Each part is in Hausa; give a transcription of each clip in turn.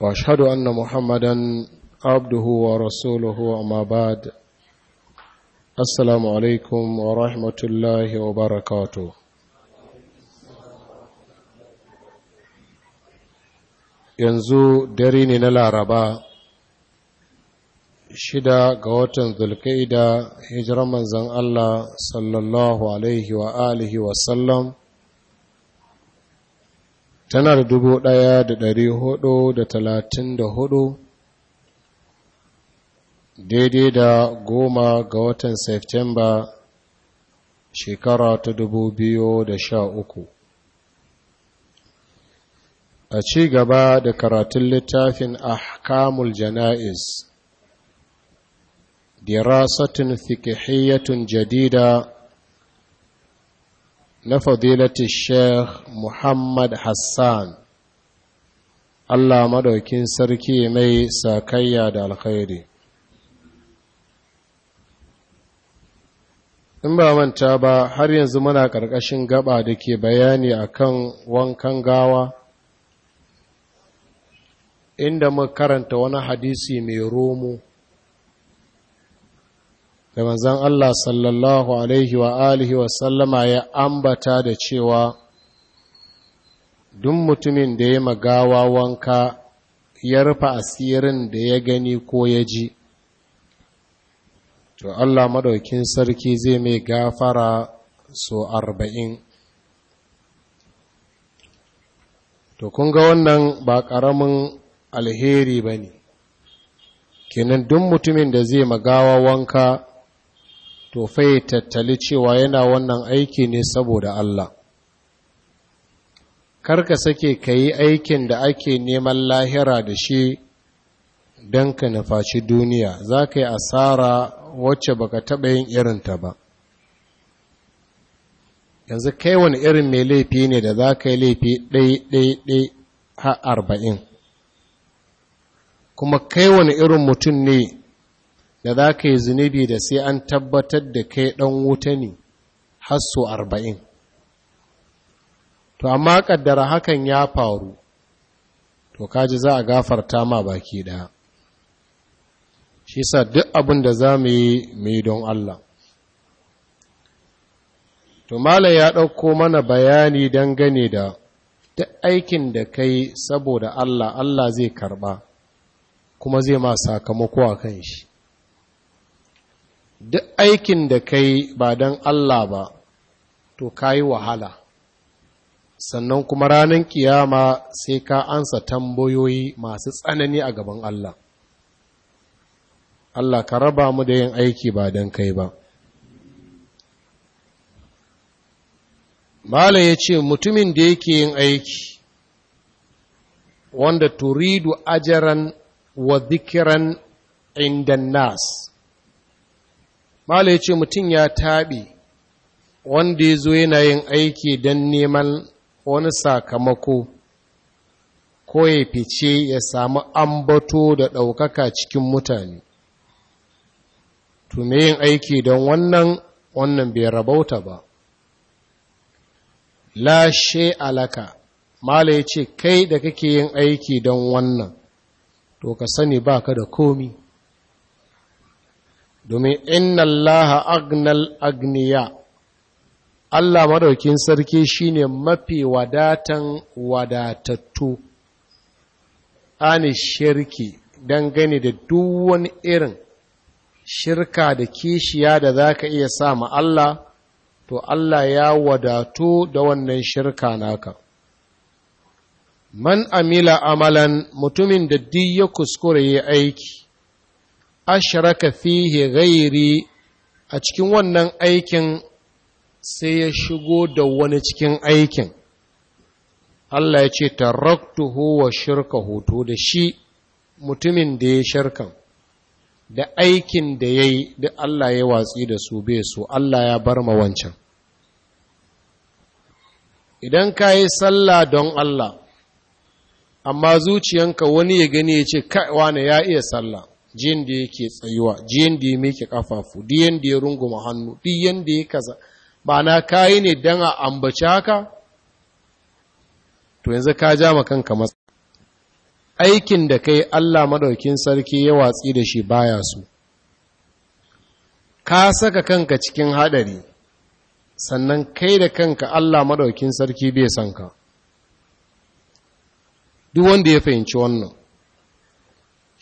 واشهد ان محمدا عبده ورسوله اما بعد السلام عليكم ورحمه الله وبركاته yanzu dare ne na laraba shida ga watan zulkaida hijiran manzan Allah sallallahu alaihi wa alihi wasallam tana da dubu ɗaya da ɗari hudu da talatin da hudu daidai da goma ga watan Septemba shekara ta dubu biyu da sha uku. A ci gaba da karatun littafin Ahkamul Jana'iz, dirasatin fikihiyatun jadida na fadilati sheikh muhammad hassan allah madaukin sarki mai sakayya da alkhairi in ba manta ba har yanzu muna ƙarƙashin gaba da ke bayani akan wankan gawa inda mu karanta wani hadisi mai romo da manzan Allah sallallahu Alaihi wa alihi wasallama ya ambata da cewa duk mutumin da ya magawa wanka ya rufe asirin da ya gani ko ya ji to Allah maɗaukin sarki zai mai gafara so arba'in to kun ga wannan ba ƙaramin alheri ba ne kenan duk mutumin da zai magawa wanka to fai tattali cewa yana wannan aiki ne saboda Allah karka sake ka yi aikin da ake neman lahira da shi don ka nufaci duniya za ka yi asara wacce baka taɓa yin irinta ba yanzu kai wani irin mai laifi ne da za ka yi laifi ɗai-ɗai-ɗai har arba'in kuma kai wani irin mutum ne da za ka yi zunubi da sai an tabbatar da kai ɗan wuta ne har so arba'in to amma ƙaddara hakan ya faru to kaji za a gafarta ma baki ɗaya shi sa duk abin da za mu yi mai don Allah to mala ya ɗauko mana bayani dangane da duk aikin da kai saboda Allah Allah zai karɓa kuma zai ma sakamako a kan shi duk aikin da ka yi ba don Allah ba to ka yi wahala sannan kuma ranar kiyama sai ka ansa tambayoyi masu tsanani a gaban Allah Allah ka raba mu da yin aiki ba don kai ba Mala ya ce mutumin da yake yin aiki wanda turidu ajaran wa zikiran inda nas mala ya ce mutum ya taɓe wanda ya zo yana yin aiki don neman wani sakamako ko ya fice ya samu ambato da ɗaukaka cikin mutane tume yin aiki don wannan wannan bai rabauta ba lashe alaka mala ya ce kai da kake yin aiki don wannan to ka sani ba ka da komi domin inna allaha agnal agniya Allah madaukin sarki shine mafi wadatan wadatattu ani shirki dangane da duk wani irin shirka da kishiya da zaka iya sa ma Allah to Allah ya wadatu da wannan shirka naka man amila amalan mutumin da duk ya kuskure ya aiki ashraka fihi ghairi a cikin wannan aikin sai ya shigo da wani cikin aikin Allah ya ce taraktuhu wa shirka hoto da shi mutumin da ya shirkan da aikin da ya yi da Allah ya watsi da su bai su Allah ya bar ma wancan idan ka yi sallah don Allah amma zuciyanka wani ya gani ya ce kai wane ya iya sallah jiyan da yake tsayuwa jiyan da ya meke kafafu duk da ya runguma hannu duk da ya kaza ba na kayi ne don a ambaci haka to yanzu ka ja ma kanka matsa. aikin da kai Allah madaukin sarki ya watsi da shi baya su ka saka kanka cikin haɗari sannan kai da kanka Allah madaukin sarki bai san ka duk wanda ya fahimci wannan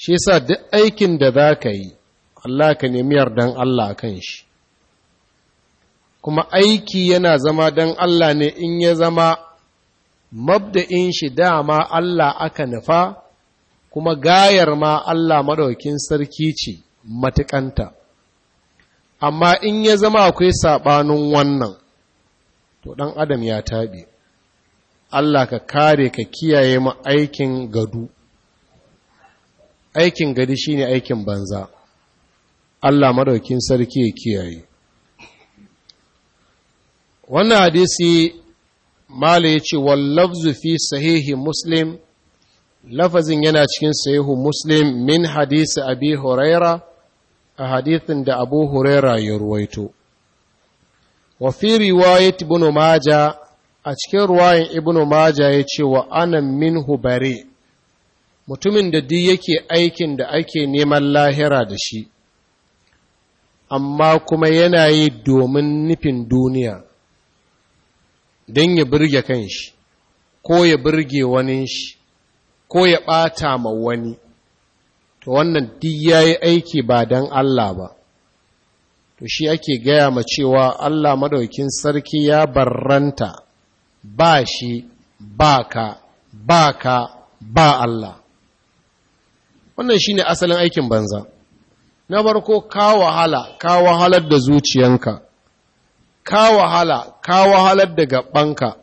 shi yasa duk aikin da za ka yi Allah ka nemi yardan Allah kan shi kuma aiki yana zama don Allah ne in ya zama mabda'in shi dama Allah aka nufa kuma gayar ma Allah maɗaukin sarki ce matukanta, amma in ya zama akwai saɓanin wannan to ɗan adam ya taɓe Allah ka kare ka kiyaye mu aikin gadu aikin gari shine aikin banza Allah madaukin sarki ya kiyaye wannan hadisi mala ya ce wallafzu fi sahihi muslim lafazin yana cikin sahihu muslim min hadisi abi huraira a hadithin da abu huraira ya ruwaito wa fi riwayat ibn maja a cikin ruwayan ibn maja ya ce wa anan min bari' mutumin da duk yake aikin da ake neman lahira da shi amma kuma yana yi domin nufin duniya don ya birge kanshi ko ya birge wani shi ko ya ɓata ma wani to wannan duk ya yi aiki ba don Allah ba to shi ake gaya ma cewa Allah Maɗaukin sarki ya barranta ba shi ba ka ba ka ba Allah wannan shine asalin aikin banza na barko ka wahala ka wahalar da zuciyanka ka wahala ka wahalar da gabanka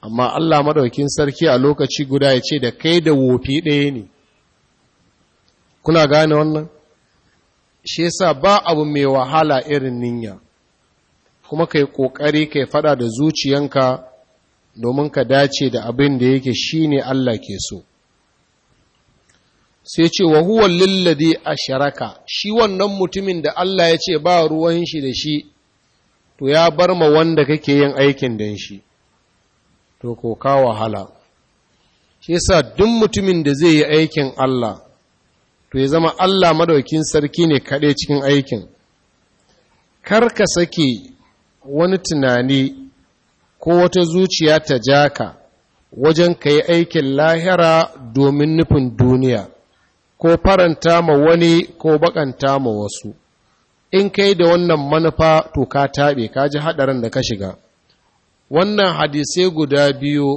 amma Allah madaukin sarki a lokaci guda ya ce da kai da wofi ɗaya ne kuna gane wannan shi yasa ba abu mai wahala irin ninya kuma kai kokari kai fada da zuciyanka domin ka dace da abin da yake shine Allah ke so sai ce wa huwa a shiraka. shi wannan mutumin da Allah ya ce ba ruwan shi da shi to ya bar ma wanda kake yin aikin da shi to ko ka wahala shi yasa duk mutumin da zai yi aikin Allah to ya zama Allah madaukin sarki ne kaɗai cikin aikin kar ka sake wani tunani ko wata zuciya ta jaka wajen ka yi aikin lahira domin nufin duniya ko faranta ma wani ko bakanta ma wasu in kai da wannan manufa to ka taɓe ka ji haɗarin da ka shiga wannan hadisai guda biyu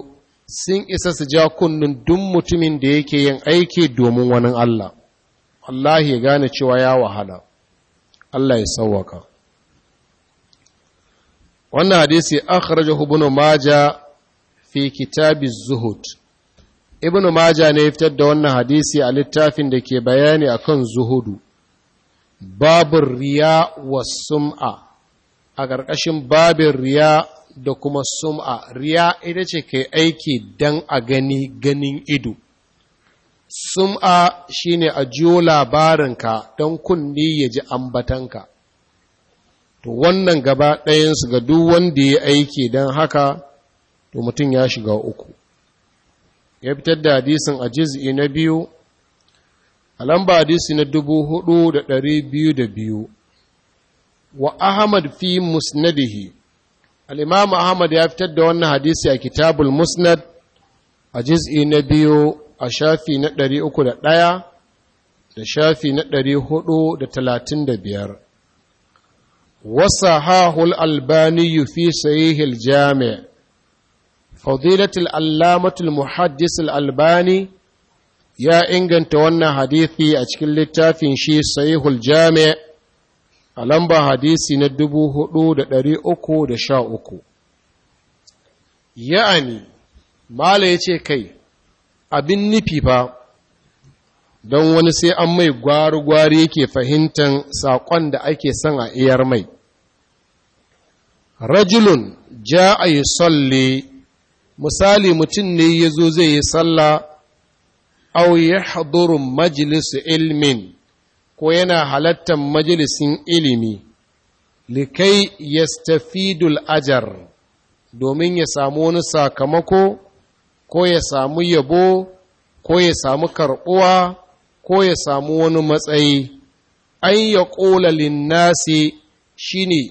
sun isa su ja kunnun duk mutumin da yake yin aiki domin wani Allah Allah ya gane cewa ya wahala Allah ya sauwaka wannan hadisi akhrajahu ibn majah fi kitabiz zuhud ibn maja ne fitar da wannan hadisi a littafin da ke bayani akan zuhudu babin riya wa sum'a a ƙarƙashin babin riya da kuma sum'a riya ita ce kai aiki don a gani ganin ido sum'a shine a jiyo labarinka don kunni ya ji ambatanka to wannan gaba ɗayansu ga duk wanda ya aiki don haka to mutum ya shiga uku ya fitar da hadisin a jiz'i na biyu a lamba hadisi na dubu hudu da dari biyu da biyu wa ahmad fi musnadihi al'imam ahmad ya fitar da wannan hadisi a kitabul musnad a juz'i na biyu a shafi na dari uku da ɗaya da shafi na dari hudu da talatin da biyar wasa hahul albani fi sahihil jami'a fadilatul allamatul muhaddisul albani ya inganta wannan hadisi a cikin littafin shi sahihul jami' a lamba hadisi na sha uku. ya'ani mala yace kai abin nufi fa don wani sai an mai gwari-gwari yake fahimtar saƙon da ake son a iyar mai rajulun ja a yi misali mutum ne ya zo zai yi sallah au ya haɗurin majalisu ilmin ko yana halattar majalisin ilimi likai stafidul ajar domin ya samu wani sakamako ko ya samu yabo ko ya samu karɓuwa ko ya samu wani matsayi an ya ƙola linnasi shine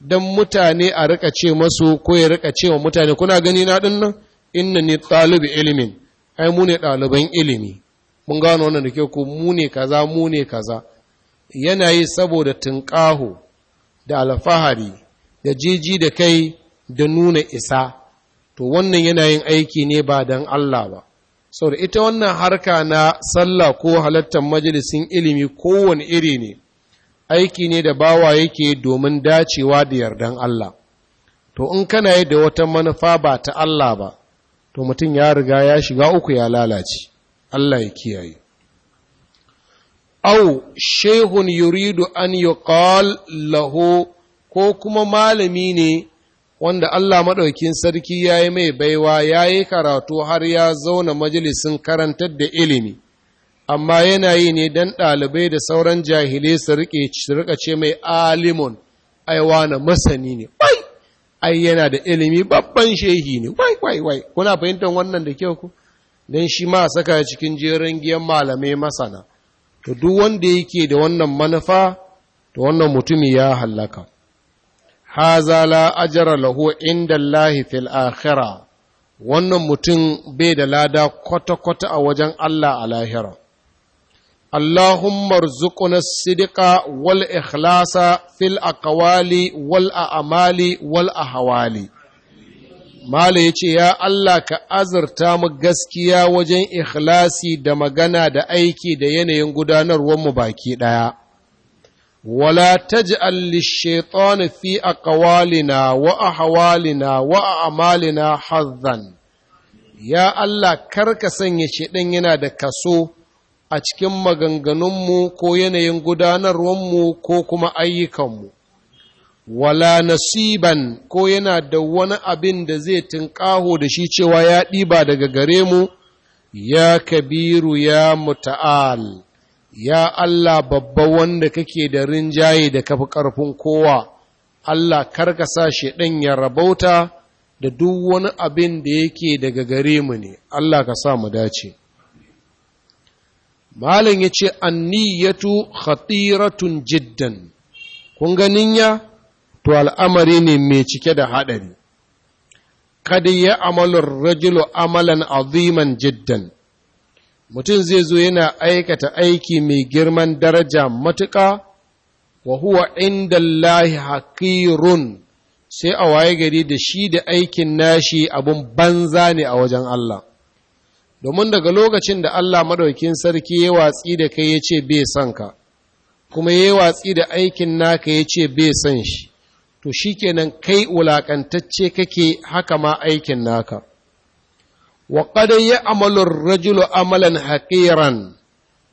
don mutane a rika ce masu ko ya rika ce wa mutane kuna gani na nan inna ni ɗalibi ilimin ai mu ɗaliban ilimi mun gano wannan da ke ku mu ne kaza mu ne kaza yana yi saboda tunƙaho da alfahari da jiji da kai da nuna isa to wannan yana yin aiki ne ba don Allah ba saboda ita wannan harka na sallah ko halattar majalisin ilimi kowane iri ne aiki ne da bawa yake domin dacewa da yardan Allah to in kana yi da wata manufa ba ta Allah ba to mutum ya riga ya shiga uku ya lalace Allah ya kiyaye au shehun yuridu an yi laho ko kuma malami ne wanda Allah maɗaukin sarki ya yi mai baiwa ya yi karatu har ya zauna majalisin karantar da ilimi amma yana yi ne don ɗalibai da sauran jahilai su rika ce mai alimun aiwa na masani ne wai ai yana da ilimi babban shehi ne wai wai wai kuna fahimtar wannan da kyau ku don shi ma saka cikin jerin giyan malamai masana to duk wanda yake da wannan manufa to wannan mutumi ya hallaka haza la ajara lahu inda lahi fil akhirah wannan mutum bai da lada kwata-kwata a wajen Allah a lahira na اللهم ارزقنا الصدق والإخلاص في wal والأعمال والأهوال Mala ya ce, “Ya Allah ka azarta mu gaskiya wajen ikhlasi da magana da aiki da yanayin gudanarwar mu baki ɗaya, wala taj'al lishaitani fi aqwalina wa ahwalina wa a'malina hazzan, ya Allah kar ka sanya shaɗan yana da kaso a cikin maganganunmu ko yanayin gudanarwanmu ko kuma ayyukanmu, wala nasiban ko yana da wani abin da zai tunƙaho da shi cewa ya ɗiba daga gare mu, ya kabiru ya muta'al, ya Allah babba wanda kake da rinjaye da kafi ƙarfin kowa, Allah karkasa sa shi ɗan ya rabauta da duk wani abin da yake daga gare mu ne, Allah ka sa mu dace. malam ya ce anniyatu khatiratun jiddan kun ganin ya to al'amari ne mai cike da haɗari kada ya amalin rajulu amalan aziman jiddan mutum zai zo yana aikata aiki mai girman daraja matuƙa wa huwa inda Allah haƙirun sai a waye gari da shi da aikin nashi abin banza ne a wajen Allah domin daga lokacin da Allah madaukin sarki ya watsi da kai ya ce bai son ka kuma ya watsi da aikin naka ya ce bai son shi to shikenan kai wulakantacce kake haka ma aikin naka wa qad ya'malu ar-rajulu amalan haqiran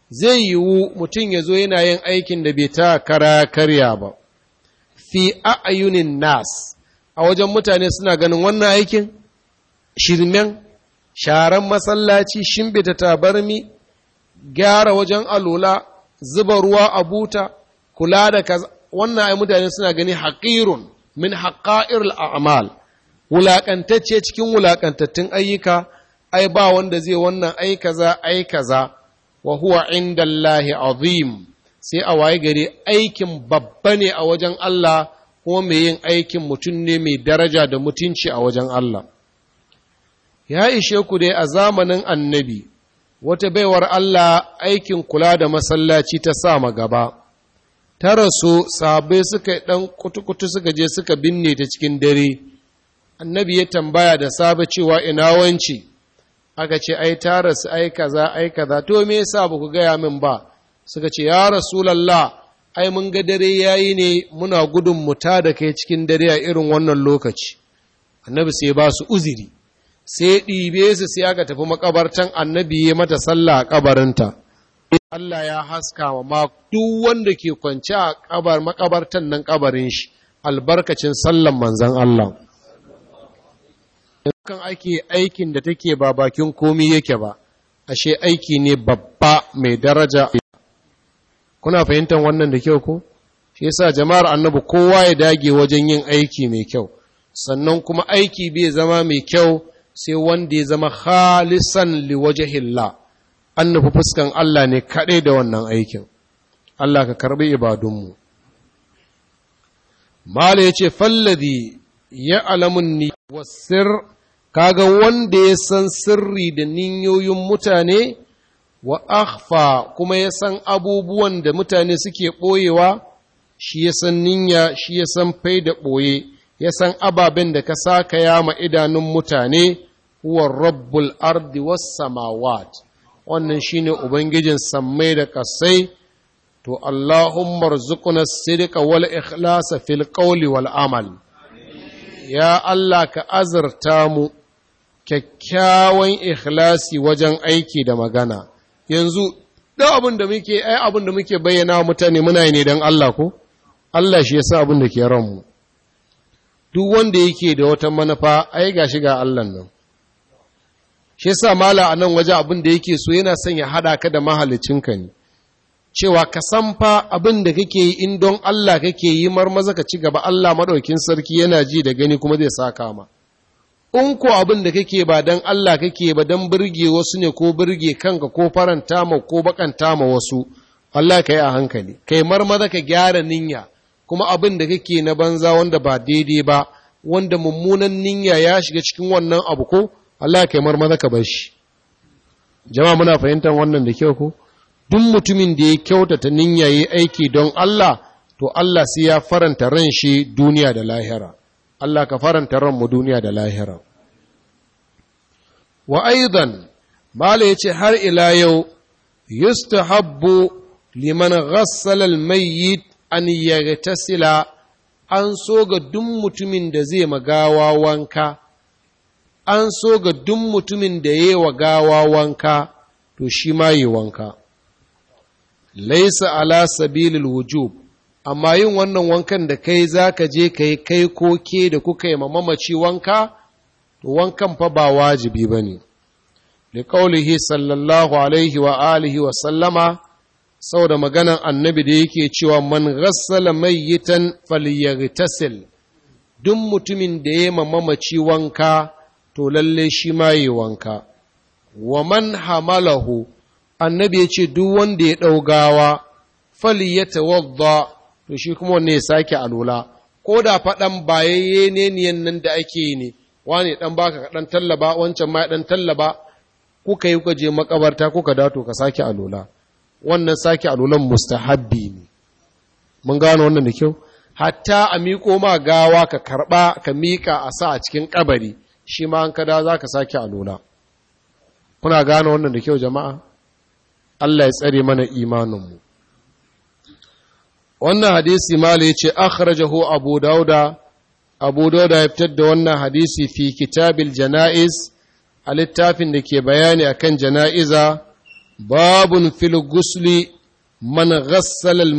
zai yiwu mutum ya zo yana yin aikin da bai ta kara karya ba fi a'yunin nas a wajen mutane suna ganin wannan aikin shirmen sharan masallaci shimbita tabarmi gyara wajen alola zuba ruwa a buta kula da kaza wannan ai mutane suna gani haƙirun min al a'mal wulakantacce cikin wulakantattun ayyuka ai ba wanda zai wannan ai kaza ai kaza wa huwa indallahi azim sai a waye gari aikin babba ne a wajen Allah kuma mai yin aikin mutum ne mai daraja da mutunci a wajen Allah ya ishe ku dai a zamanin annabi wata baiwar Allah aikin kula da masallaci ta sa ma gaba ta rasu sahabbai suka dan kutukutu suka je suka binne ta cikin dare annabi ya tambaya da safe cewa ina wanci aka ce ai ta rasu ai kaza ai kaza to me yasa ba ku gaya min ba suka ce ya lalla. ai mun ga dare ya yi ne muna gudun muta da kai cikin dare a irin wannan lokaci annabi sai ba su uziri sai ɗibe su sai aka tafi makabartan annabi ya mata sallah a kabarinta Allah ya haska wa ma wanda ke kwance a kabar makabartan nan kabarin shi albarkacin sallan manzon Allah kan ake aikin da take ba bakin komi yake ba ashe aiki ne babba mai daraja kuna fahimtar wannan da kyau ko shi yasa jama'ar annabi kowa ya dage wajen yin aiki mai kyau sannan kuma aiki bai zama mai kyau sai wanda ya zama khalisan liwajahilla an nufi fuskan Allah ne kaɗai da wannan aikin Allah ka karɓi ibadunmu mala ya ce falladi ya alamun ni wasir kaga wanda ya san sirri da ninyoyin mutane wa akhfa kuma ya san abubuwan da mutane suke ɓoyewa shi ya san ninya shi ya san fai da ɓoye ya san ababen da ka saka yama idanun mutane huwa rabbul ardi was samawat wannan shine ubangijin sammai da kasai to Allahumma rzuqna sidqa wal ikhlasa fil qawli wal amal ya Allah ka azurta mu kyakkyawan ikhlasi wajen aiki da magana yanzu da abin da muke ai abin da muke bayyana mutane muna ne dan Allah ko Allah shi yasa abin da ke ranmu duk wanda yake da wata manufa ai gashi ga Allah nan shi yasa mala a nan waje abin da yake so yana son ya haɗa ka da mahalicinka ne cewa ka san fa abin da kake yi in don Allah kake yi marmaza ka ci gaba Allah maɗaukin sarki yana ji da gani kuma zai saka ma in ko abin da kake ba don Allah kake ba dan burge wasu ne ko birge kanka ko faranta ma ko bakanta ma wasu Allah ka a hankali kai marmaza ka gyara niyya kuma abin da kake na banza wanda ba daidai ba wanda mummunan niyya ya shiga cikin wannan abu ko Allah kai marmaza ka bar shi jama'a muna fahimtar wannan da kyau ko duk mutumin da ya kyautata niyya yayi aiki don Allah to Allah sai ya faranta ran shi duniya da lahira Allah ka faranta ran mu duniya da lahira wa aidan mala yace har ila yau yustahabbu liman ghassala mai yi an yaghtasila an so ga duk mutumin da zai magawa wanka an so ga duk mutumin da ya wa gawa wanka to shi ma yi wanka laisa ala sabilil wujub amma yin wannan wankan da kai za ka je ka yi kai ko ke da kuka yi mamaci wanka to wankan fa ba wajibi ba ne liƙaulihi sallallahu alaihi wa alihi wa sallama sau da maganan annabi da yake cewa man ghassala mayyitan falyaghtasil duk mutumin da ya mamaci wanka to lalle shi ma yi wanka wa man hamalahu annabi ya ce duk wanda ya ɗau fali ya tawadda to shi kuma wanne ya sake alola ko da faɗan bayayye ne niyan nan da ake yi ne wani ɗan baka ɗan tallaba wancan ma ɗan tallaba kuka yi kuka je makabarta kuka dato ka sake alola wannan sake alolan mustahabbi ne mun gano wannan da kyau hatta a miƙo ma gawa ka karɓa ka miƙa a sa a cikin kabari shi ma an kada za ka sake a nuna kuna gane wannan da kyau jama'a Allah ya tsare mana imaninmu wannan hadisi mala ya ce akhrajahu abu dauda abu dauda ya fitar da wannan hadisi fi kitabil jana'iz a littafin da ke bayani akan jana'iza babun fil gusli man ghassala al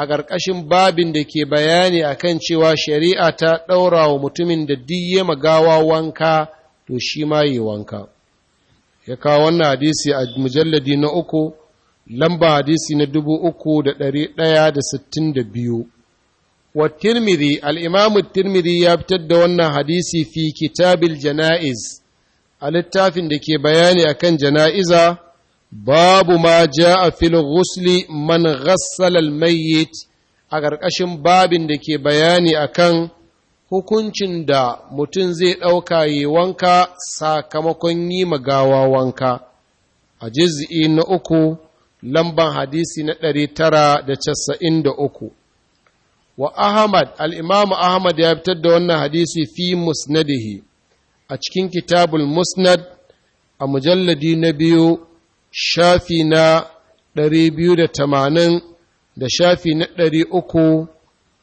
a ƙarƙashin babin da ke bayani a kan cewa shari'a ta ɗaura wa mutumin da diye magawa wanka to shi ma yi wanka ya kawo wannan hadisi a mujalladi na uku lamba hadisi na dubu uku da ɗari ɗaya da sittin da biyu wa tirmidhi al'imamu tirmidhi ya fitar da wannan hadisi fi kitabil jana'iz a littafin da ke bayani akan jana'iza babu ma a filin ghusli man ghassala al a ƙarƙashin babin da ke bayani akan hukuncin da mutum zai ɗauka yi wanka sakamakon yi magawa wanka a jiz'i na uku lamban hadisi na ɗari tara da casa'in da uku wa ahmad al'imamu ahmad ya fitar da wannan hadisi fi musnadihi a cikin kitabul musnad a mujalladi na biyu shafi na ɗari biyu da tamanin da shafi na ɗari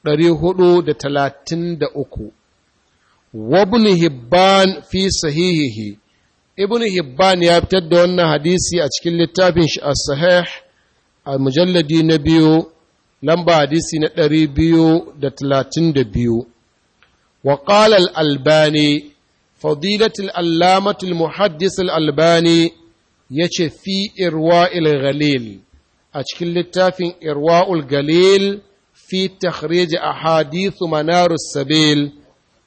ɗari uku hudu da da talatin uku, wabin hibban fi sahihihi ibn hibban ya fitar da wannan hadisi a cikin littafin shi a sahih a mujalladi na biyu lamba hadisi na ɗari da talatin da biyu. albani الألباني allamatul muhaddis المحدث albani ya ce fi irwa'il galil a cikin littafin irwa'ul galil fi a ahadithu manarus sabil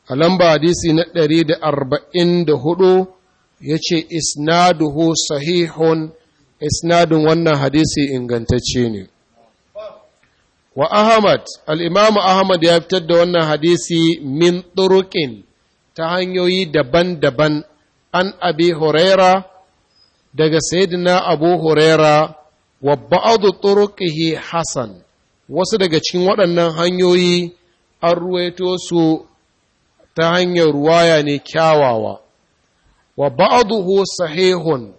a lamba hadisi na 144 ya ce isnaduhu sahihun isnadin wannan hadisi ingantacce ne wa ahmad al'imamu ahmad ya fitar da wannan hadisi min turuƙin ta hanyoyi daban-daban an abi huraira daga sayyidina abu huraira wa ba'adu turuqihi hasan wasu daga cikin waɗannan hanyoyi an ruwaito su ta hanyar ruwaya ne kyawawa wa ba'aduhu sahihun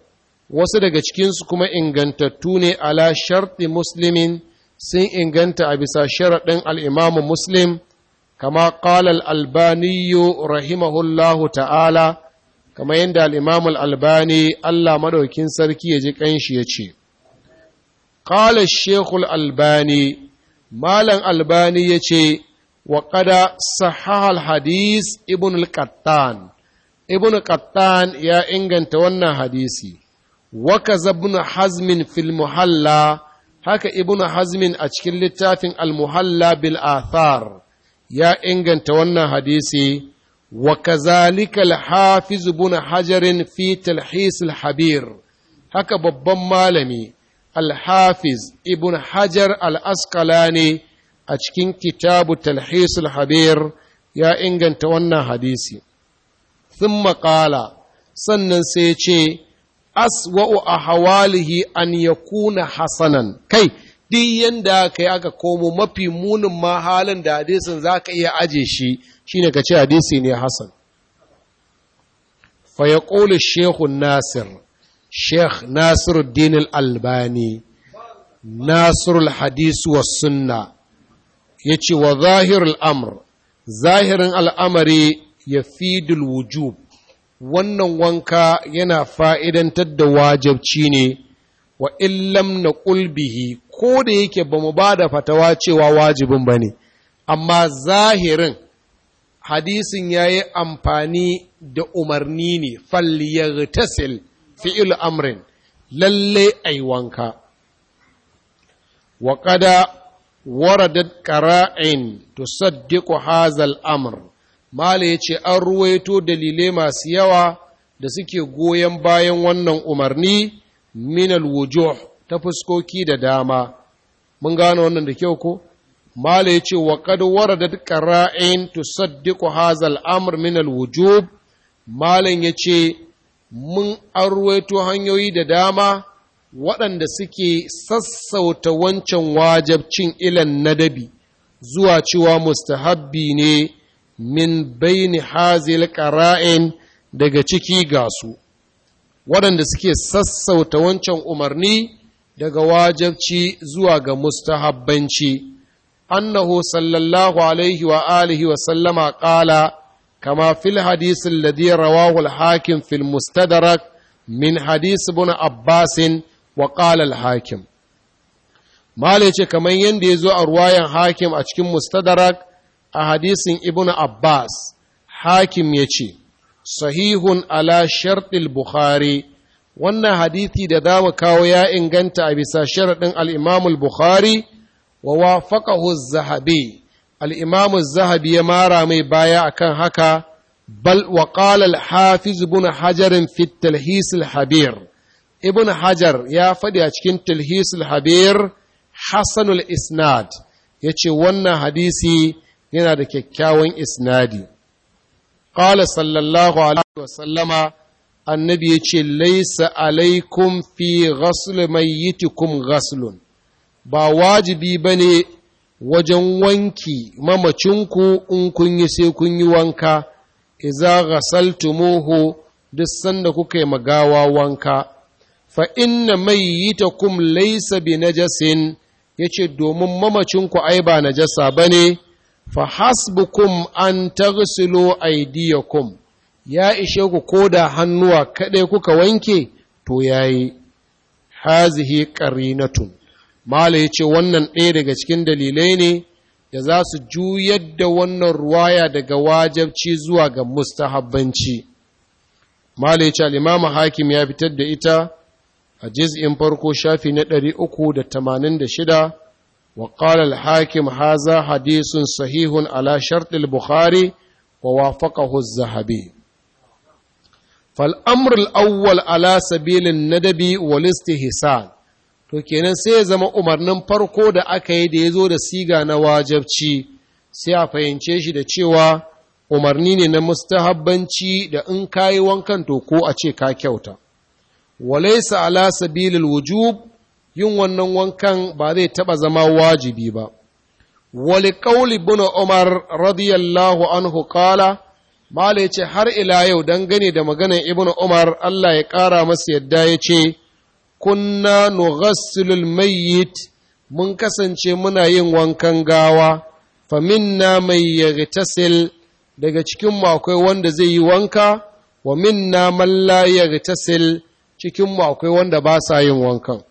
wasu daga cikinsu kuma ingantattu ne ala sharti muslimin sun inganta a bisa sharaɗin al'imamu muslim kama ƙalal albaniyo rahimahullahu ta'ala kamar yadda al'imam al'albani Allah maɗaukin sarki ya ji ƙanshi ya ce, Kala Shekul albani, Malam albani ya ce, wa ƙada sahal hadis ibn al-Qattan, ibn al-Qattan ya inganta wannan hadisi, waka hazmin fil muhalla, haka ibn hazmin a cikin littafin al-muhalla bil athar ya inganta wannan hadisi. وكذلك الحافظ بن حجر في تلحيس الحبير هكا ببن مالمي الحافظ ابن حجر الأسقلاني أشكين كتاب تلحيس الحبير يا إنجن تونا حديثي ثم قال sannan sai ce aswa'u a hawalihi an ya kuna hasanan kai duk yanda yi aka komo mafi munin ma halin da hadisin za ka iya aje shi shine ka ce hadisi ne hasan fa ya ƙoli Shehu nasir sheikh nasiruddin al-albani nasirul hadis wa sunna ya ce wa zahirul amr zahirin al'amari ya fi wujub wannan wanka yana fa'idantar da wajabci ne wa illam na ƙulbihi ko da yake ba mu ba da fatawa cewa wajibin ba ne amma zahirin hadisin ya yi amfani da umarni ne falliyar tasil fi'il amrin lalle yi wanka wa kada waradat qara'in tusaddiqu hazal amr mala ce an ruwaito dalilai masu yawa da suke goyon bayan wannan umarni minal alwujuh ta fuskoki da dama mun gano wannan da kyau ko mala yace wa qad waradat qara'in tusaddiqu hadha al-amr min al-wujub malan yace mun arwaito hanyoyi da dama waɗanda suke sassauta wancan wajabcin ilan nadabi zuwa cewa mustahabbi ne min baini hazil qara'in daga ciki ga su waɗanda suke sassauta wancan umarni daga wajabci zuwa ga mustahabbanci annahu sallallahu alaihi wa alihi wa sallama qala kama fil hadith alladhi rawahu al-hakim fil mustadrak min hadith ibn abbas wa qala al-hakim mala ce kamar yadda ya zo a ruwayan hakim a cikin mustadrak a hadisin ibn abbas hakim ya ce sahihun ala sharɗil bukhari wannan hadithi da za mu kawo ya inganta a bisa sharaɗin al'imamul bukhari wa wafaqahu zahabi Al'imamul zahabi ya mara mai baya akan haka bal wa ƙalal hafiz ibn hajarin fi habir ibn hajar ya faɗi a cikin talhisil habir hassanul isnad ya ce wannan hadisi yana da kyakkyawan isnadi قال Sallallahu alaihi wa sallama. annabi ya ce laisa alaikum fi ghasl mayyitikum ghaslun ba wajibi bane wajen wanki mamacinku in kun yi sai kun yi wanka iza ghasaltumuhu duk sanda kuka yi magawa wanka fa inna mayyitakum laisa bi najasin yace domin mamacinku ai ba najasa bane fa hasbukum an taghsilu aydiyakum ya ishe ku ko da hannuwa kaɗai kuka wanke to ya yi hazihi ƙarinatun mala ya ce wannan ɗaya daga cikin dalilai ne da za su juyar da wannan ruwaya daga wajabci zuwa ga mustahabbanci mala ya ce al'imamu hakim ya fitar da ita a jiz'in farko shafi na uku da tamanin shida wa ƙala al-hakim haza hadisun sahihun ala sharɗil bukhari wa wafaƙahu zahabi فالامر awwal ala sabilin nadabi wal istihsan to kenan sai ya zama umarnin farko da aka yi da ya zo da siga na wajabci sai a fahimce shi da cewa umarni ne na mustahabbanci da in kayi wankan to ko a ce ka kyauta walaisa ala sabilil wujub yin wannan wankan ba zai taɓa zama wajibi ba wali ƙauli ibn umar radiyallahu anhu qala Mala ya ce har ila yau dangane da maganar Ibn Umar Allah ya ƙara masa yadda ya ce, Kunna nughassilul mayyit mun kasance muna yin wankan gawa, faminna mai yartasil daga cikinmu akwai wanda zai yi wanka, wa minna man la cikin cikinmu akwai wanda ba sa yin wankan.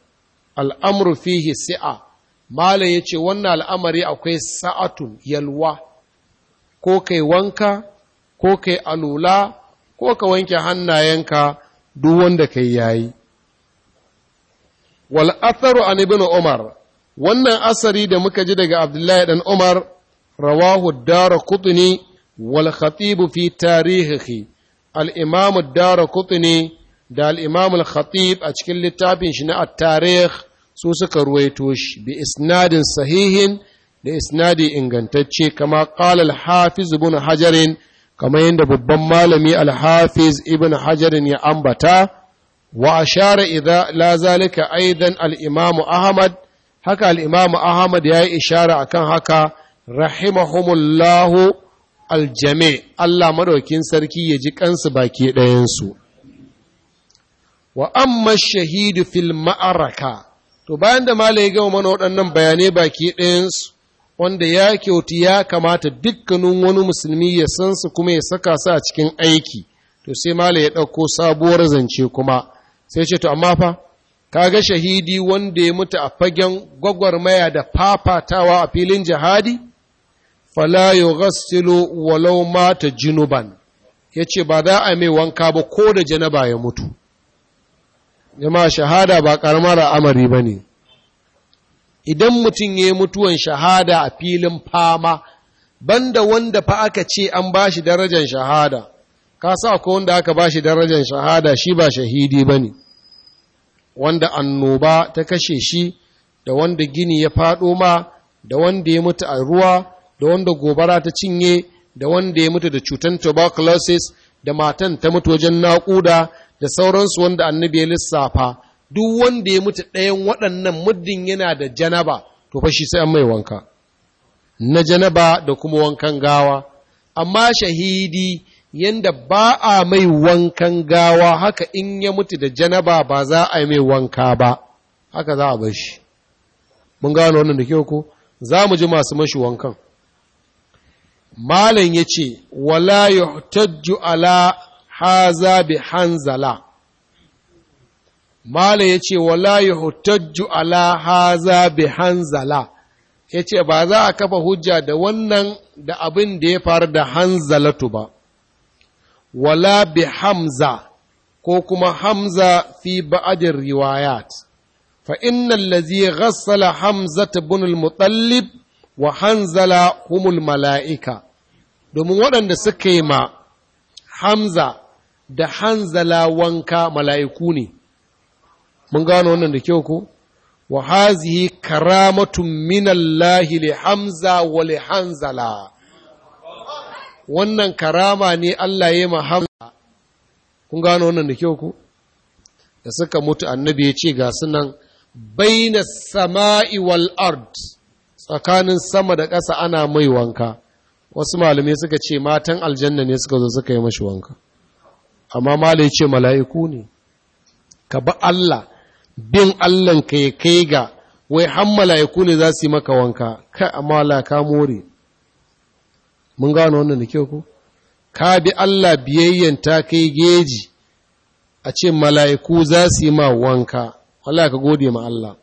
Al'amru fihi si'a, Mala ya ce wannan al'amari akwai sa'atun yalwa, ko kai wanka, ko kai alula ko ka wanke hannayenka duk wanda kai yayi wal atharu an ibnu umar wannan asari da muka ji daga abdullahi dan umar rawahu dara wal khatib fi tarihihi al imam dara da al imam al khatib a cikin littafin shi na at-tarikh su suka ruwaito shi bi isnadin sahihin da isnadi ingantacce kama qala al hafiz ibn hajarin kamar yadda babban malami alhafiz ibn hajarin ya ambata wa ashara idza la zalika aidan al-imam ahmad haka al-imam ahmad yayi ishara akan haka rahimahumullahu aljami Allah madaukin sarki ya ji kansu baki ɗayansu. su wa amma shahidu fil ma'araka to bayan da malai ya gama mana waɗannan bayanai baki ɗayansu. su wanda ya kyauti ya kamata dukkanin wani musulmi ya san su kuma ya saka su a cikin aiki to sai mala ya ɗauko sabuwar zance kuma sai ce to amma fa ka ga shahidi wanda ya mutu a fagen gwagwarmaya da fafatawa a filin jihadi fala yughassilu walau mata junuban yace ba za a mai wanka ba ko da janaba ya mutu jama'a shahada ba karamar amari bane idan mutum ya yi mutuwan shahada a filin fama banda wanda fa aka ce an ba shi darajar shahada ka sa ko wanda aka ba shi darajar shahada shi ba shahidi ba ne wanda annoba ta kashe shi da wanda gini ya faɗo ma da wanda ya mutu a ruwa da wanda gobara ta cinye da wanda ya mutu da cutar tuberculosis da matan ta mutu wajen naƙuda da sauransu wanda annabi ya lissafa duk wanda ya mutu ɗayan waɗannan muddin yana da janaba to fa shi sai an mai wanka na janaba da kuma wankan gawa amma shahidi yanda ba a mai wankan gawa haka in ya mutu da janaba ba za a yi mai wanka ba haka za a bar shi mun gano wannan da kyau ko za mu ji masu mashi wankan malam ya ce wala yuhtajju ala haza bi hanzala mala ya ce wala yuhtajju ala haza bi hanzala ya ce ba za a kafa hujja da wannan da abin da ya faru da hanzalatu ba wala bi hamza ko kuma hamza fi ba'adin riwayat fa innal ladhi ghassala Hamza ta al wa hanzala humul mala'ika domin waɗanda suka yi ma hamza da hanzala wanka mala'iku ne mun gano wannan da kyau ko wa hazihi karamatun minallahi li hamza wa li hanzala wannan karama ne Allah ya ma hamza kun gano wannan da kyau ko da suka mutu annabi ya ce ga sunan baina sama'i wal ard tsakanin sama da ƙasa ana mai wanka wasu malamai suka ce matan aljanna ne suka zo suka yi mashi wanka amma malai ce mala'iku ne ka ba Allah bin allah ka ya kai ga wai hammala ya ne za su yi maka wanka kai amala ka more mun gano wannan da kyau ko ka bi Allah biyayyan ta kai geji a ce mala'iku za su yi ma wanka Allah ka gode ma Allah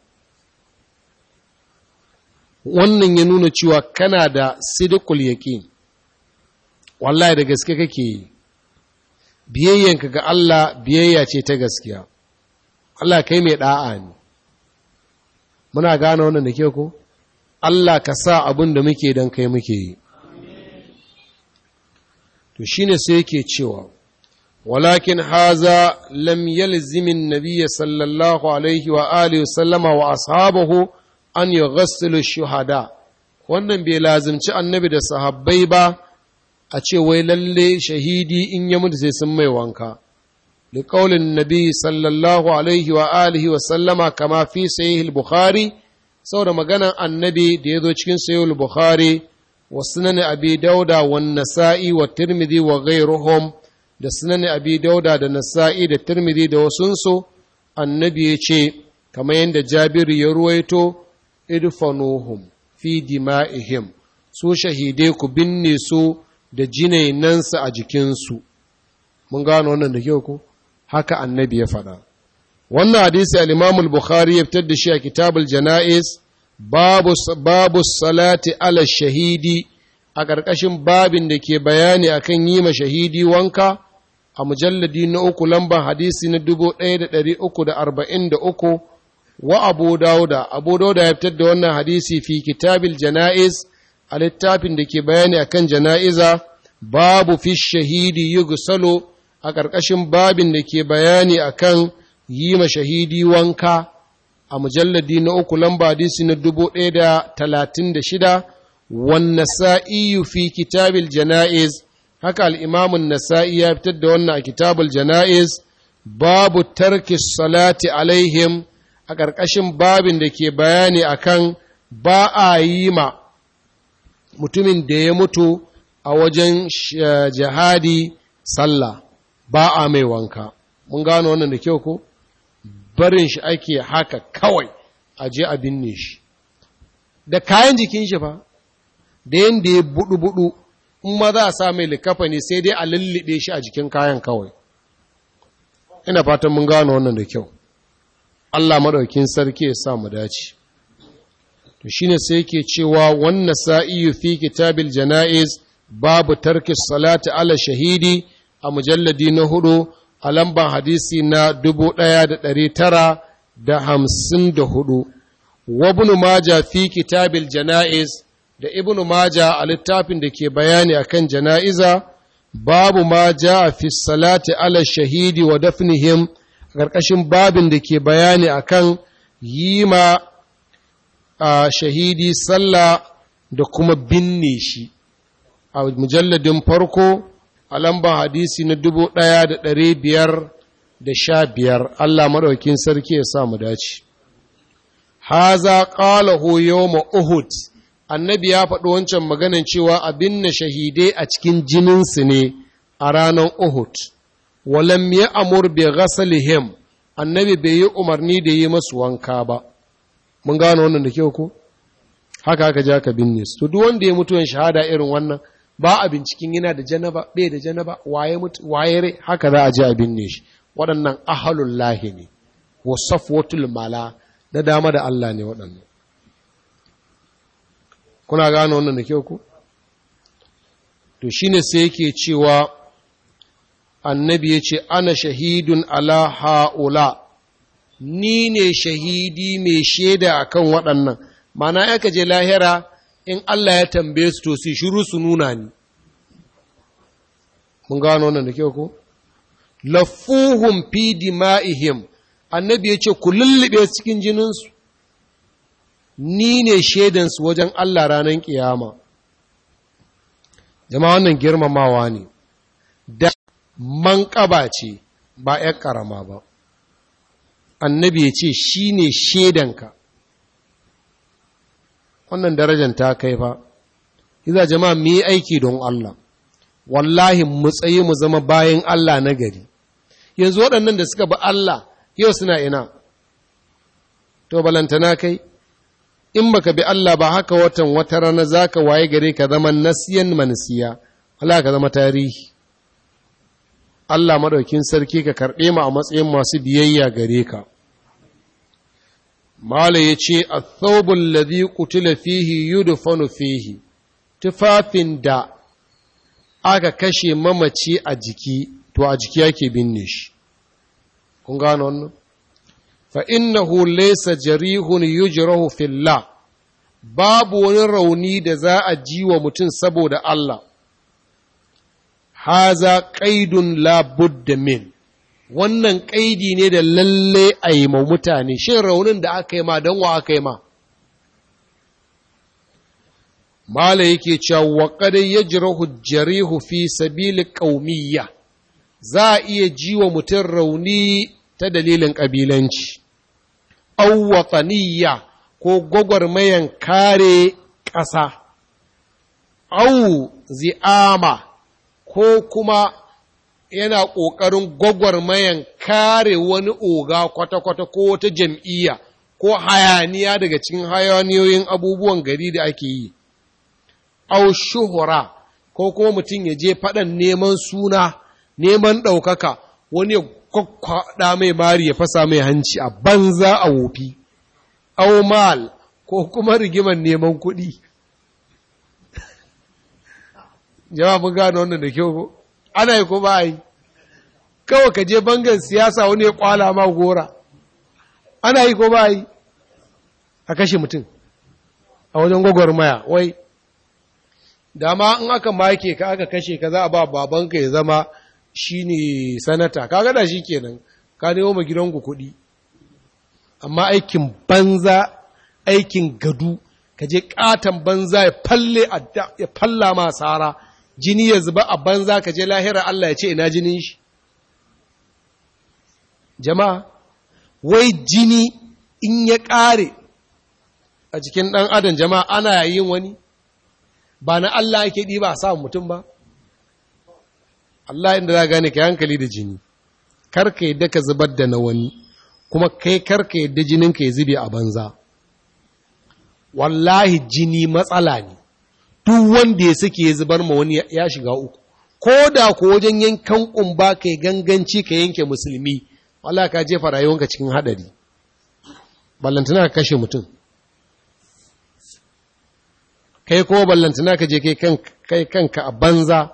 wannan ya nuna cewa kana da sidikul yaƙin wallahi da gaske kake yi biyayyanka ga Allah biyayya ce ta gaskiya Allah kai mai da'a ne muna gane wannan da ke ku. Allah ka sa abin da muke don kai muke yi to shine sai yake cewa walakin haza lam yalzimin nabiya sallallahu alaihi wa alihi sallama wa ashabahu an yi yughassilu shuhada wannan bai lazimci annabi da sahabbai ba a ce wai lalle shahidi in ya mutu sai sun mai wanka لقول النبي صلى الله عليه وآله وسلم كما في سيه البخاري سورة مغانا النبي ديدو چكين سيه البخاري وسنن أبي داودا والنسائي والترمذي وغيرهم da sunan abi dauda da nasa'i da tirmidhi da wasunsu annabi ya ce kamar yadda jabiru ya ruwaito idfanuhum fi dima'ihim su shahidai ku binne su da nansa a jikinsu mun gano wannan da kyau haka annabi ya faɗa wannan hadisi al bukhari ya fitar da shi a kitabul janaiz babu salati ala shahidi a ƙarƙashin babin da ke bayani akan yi ma shahidi wanka a mujalladi na uku lamban hadisi na 1343 wa abu dauda abu dauda ya fitar da wannan hadisi fi kitabil janaiz a littafin da ke bayani akan jana'iza babu fi shahidi yugsalo a ƙarƙashin babin da ke bayani akan yi ma shahidi wanka a mujalladi na uku lamba disi na dubu ɗaya da talatin da shida wanne sa'iyu fi kitabul jana'iz haka al'imamun nasa'i ya fitar da wannan a kitabul jana'iz babu tarki salati alaihim a ƙarƙashin babin da ke bayani akan ba a yi ma mutumin da ya mutu a wajen eh, jihadi sallah ba a mai wanka mun gano wannan da kyau ko barin shi ake haka kawai a je a binne shi da kayan jikin shi fa da yadda ya budu-budu in ma za a sa mai likafa ne sai dai a lullube shi a jikin kayan kawai ina fatan mun gano wannan da kyau Allah maɗaukin sarki ya sa mu dace to shine sai yake cewa wannan sa'iyu fi kitabil janaiz babu tarki salatu ala shahidi a mujalladi na hudu a lamban hadisi na dubu ɗaya da ɗari tara da hamsin da hudu wa maja fi kitabil jana'iz da ibnu maja a littafin da ke bayani akan jana'iza babu ma ja fi salati ala shahidi wa dafnihim ƙarƙashin babin da ke bayani akan yi ma a shahidi sallah da kuma binne shi a mujalladin farko a lambar hadisi na dubu ɗaya da ɗari biyar da sha biyar Allah maɗaukin sarki ya sa mu dace haza ƙalahu yawma uhud annabi ya faɗi wancan maganin cewa abin na shahide a cikin jininsu ne a ranar uhud walam ya amur bi ghasalihim annabi bai yi umarni da yi masu wanka ba mun gano wannan da kyau ko haka aka ja ka binne su to duk wanda ya mutuwan shahada irin wannan ba a binciken yana da janaba bai da janaba waye mutu waye re haka za a ji abin binne shi waɗannan ahalul lahi ne wa safwatul mala da dama da Allah ne waɗannan kuna gane wannan da kyau ku to shine sai yake cewa annabi ya ce ana shahidun ala ha'ula ni ne shahidi mai shaida akan waɗannan mana aka je lahira in Allah ya tambaye su to su shiru su nuna ni mun gano wannan da kyau ko lafuhum fi dima'ihim annabi yace ku lullube cikin jinin su ni ne shaidan su wajen Allah ranar kiyama jama'a wannan girmamawa ne da manƙaba ce ba ƴar ƙarama ba, annabi ya ce shi ne shaidanka, wannan darajan ta kai fa iza jama'a mu yi aiki don Allah wallahi mu tsayi mu zama bayan Allah na gari yanzu waɗannan da suka bi Allah yau suna ina to balantana kai in baka bi Allah ba haka watan wata rana zaka waye gare ka zama nasiyan mansiya Allah ka zama tarihi Allah madaukin sarki ka karɓe mu a matsayin masu biyayya gare ka Mala ya ce, A thawbun ladhi fihi yudfanu fihi, tufafin da aka kashe mamaci a jiki, to a jiki yake binne shi. Kun gano wannan? Fa innahu laysa jarihun yujrahu fillah babu wani rauni da za a ji wa mutum saboda Allah, haza ƙaidun labudda min, wannan ƙaidi ne da lalle a yi ma mutane shin raunin da aka yi ma don wa aka yi ma mala yake cewa wa kadai ya jira hujjarihu fi sabili ƙaumiyya za a iya ji wa mutum rauni ta dalilin ƙabilanci auwataniyya ko gwagwarmayan kare ƙasa au zi'ama ko kuma yana ƙoƙarin gwagwarmayan kare wani oga kwata-kwata ko wata jam'iyya ko hayaniya daga cikin hayaniyoyin abubuwan gari da ake yi, au shuhura ko kuma mutum ya je faɗan neman suna, neman ɗaukaka, wani ya kwakwaɗa mai mari ya fasa mai hanci a banza a wofi, au mal ko kuma rigiman neman kuɗi. Jama'a mun gane wannan da kyau ana yi ko ba yi kawai ka je bangan siyasa wani ya kwala ma gora ana yi ko ba yi a kashe mutum a wajen gwagwarmaya wai dama in aka make ka aka kashe ka za a ba babanka ya zama shine sanata ka gada shi kenan ka nemo ma gidanku kuɗi amma aikin banza aikin gadu ka je katon banza ya falla ma sara jini ya zuba a banza ka je lahira Allah ya ce ina jinin shi jama'a wai jini in ya ƙare a jikin ɗan adam jama'a ana yayin wani ba na Allah ake ba a sa mutum ba Allah inda za gane ka hankali da jini karka yadda ka zubar da na wani kuma kai karka yadda jininka ya zube a banza wallahi jini matsala ne duk wanda ya suke ya zubar ma wani ya shiga uku ko da ko wajen yankan kumba kai ganganci ka yanke musulmi wala ka jefa rayuwanka cikin hadari ballantana ka kashe mutum kai ko ballantana ka je kai kanka a banza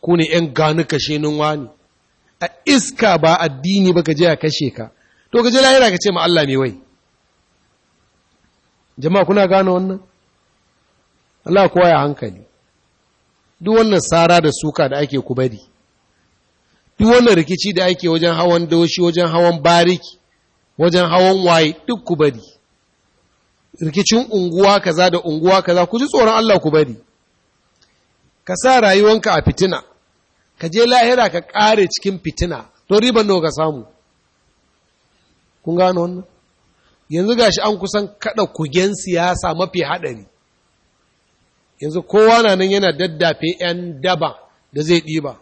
ku ne ‘yan gani kashe wani a iska ba addini ba ka je a kashe ka to ka je lahira ka ce ma Allah mai wai jama'a kuna gano wannan Allah kuwa ya hankali duk wannan tsara da suka da ake ku bari duk wannan rikici da ake wajen hawan doshi wajen hawan bariki wajen hawan waye duk ku bari rikicin unguwa kaza da unguwa kaza ku ji tsoron Allah ku bari ka sa rayuwanka a fitina ka je lahira ka ƙare cikin fitina to riban nawa ka samu kun gano wannan yanzu gashi an kusan kada kugen siyasa mafi haɗari yanzu kowa na nan yana daddafe 'yan daba da zai ɗiba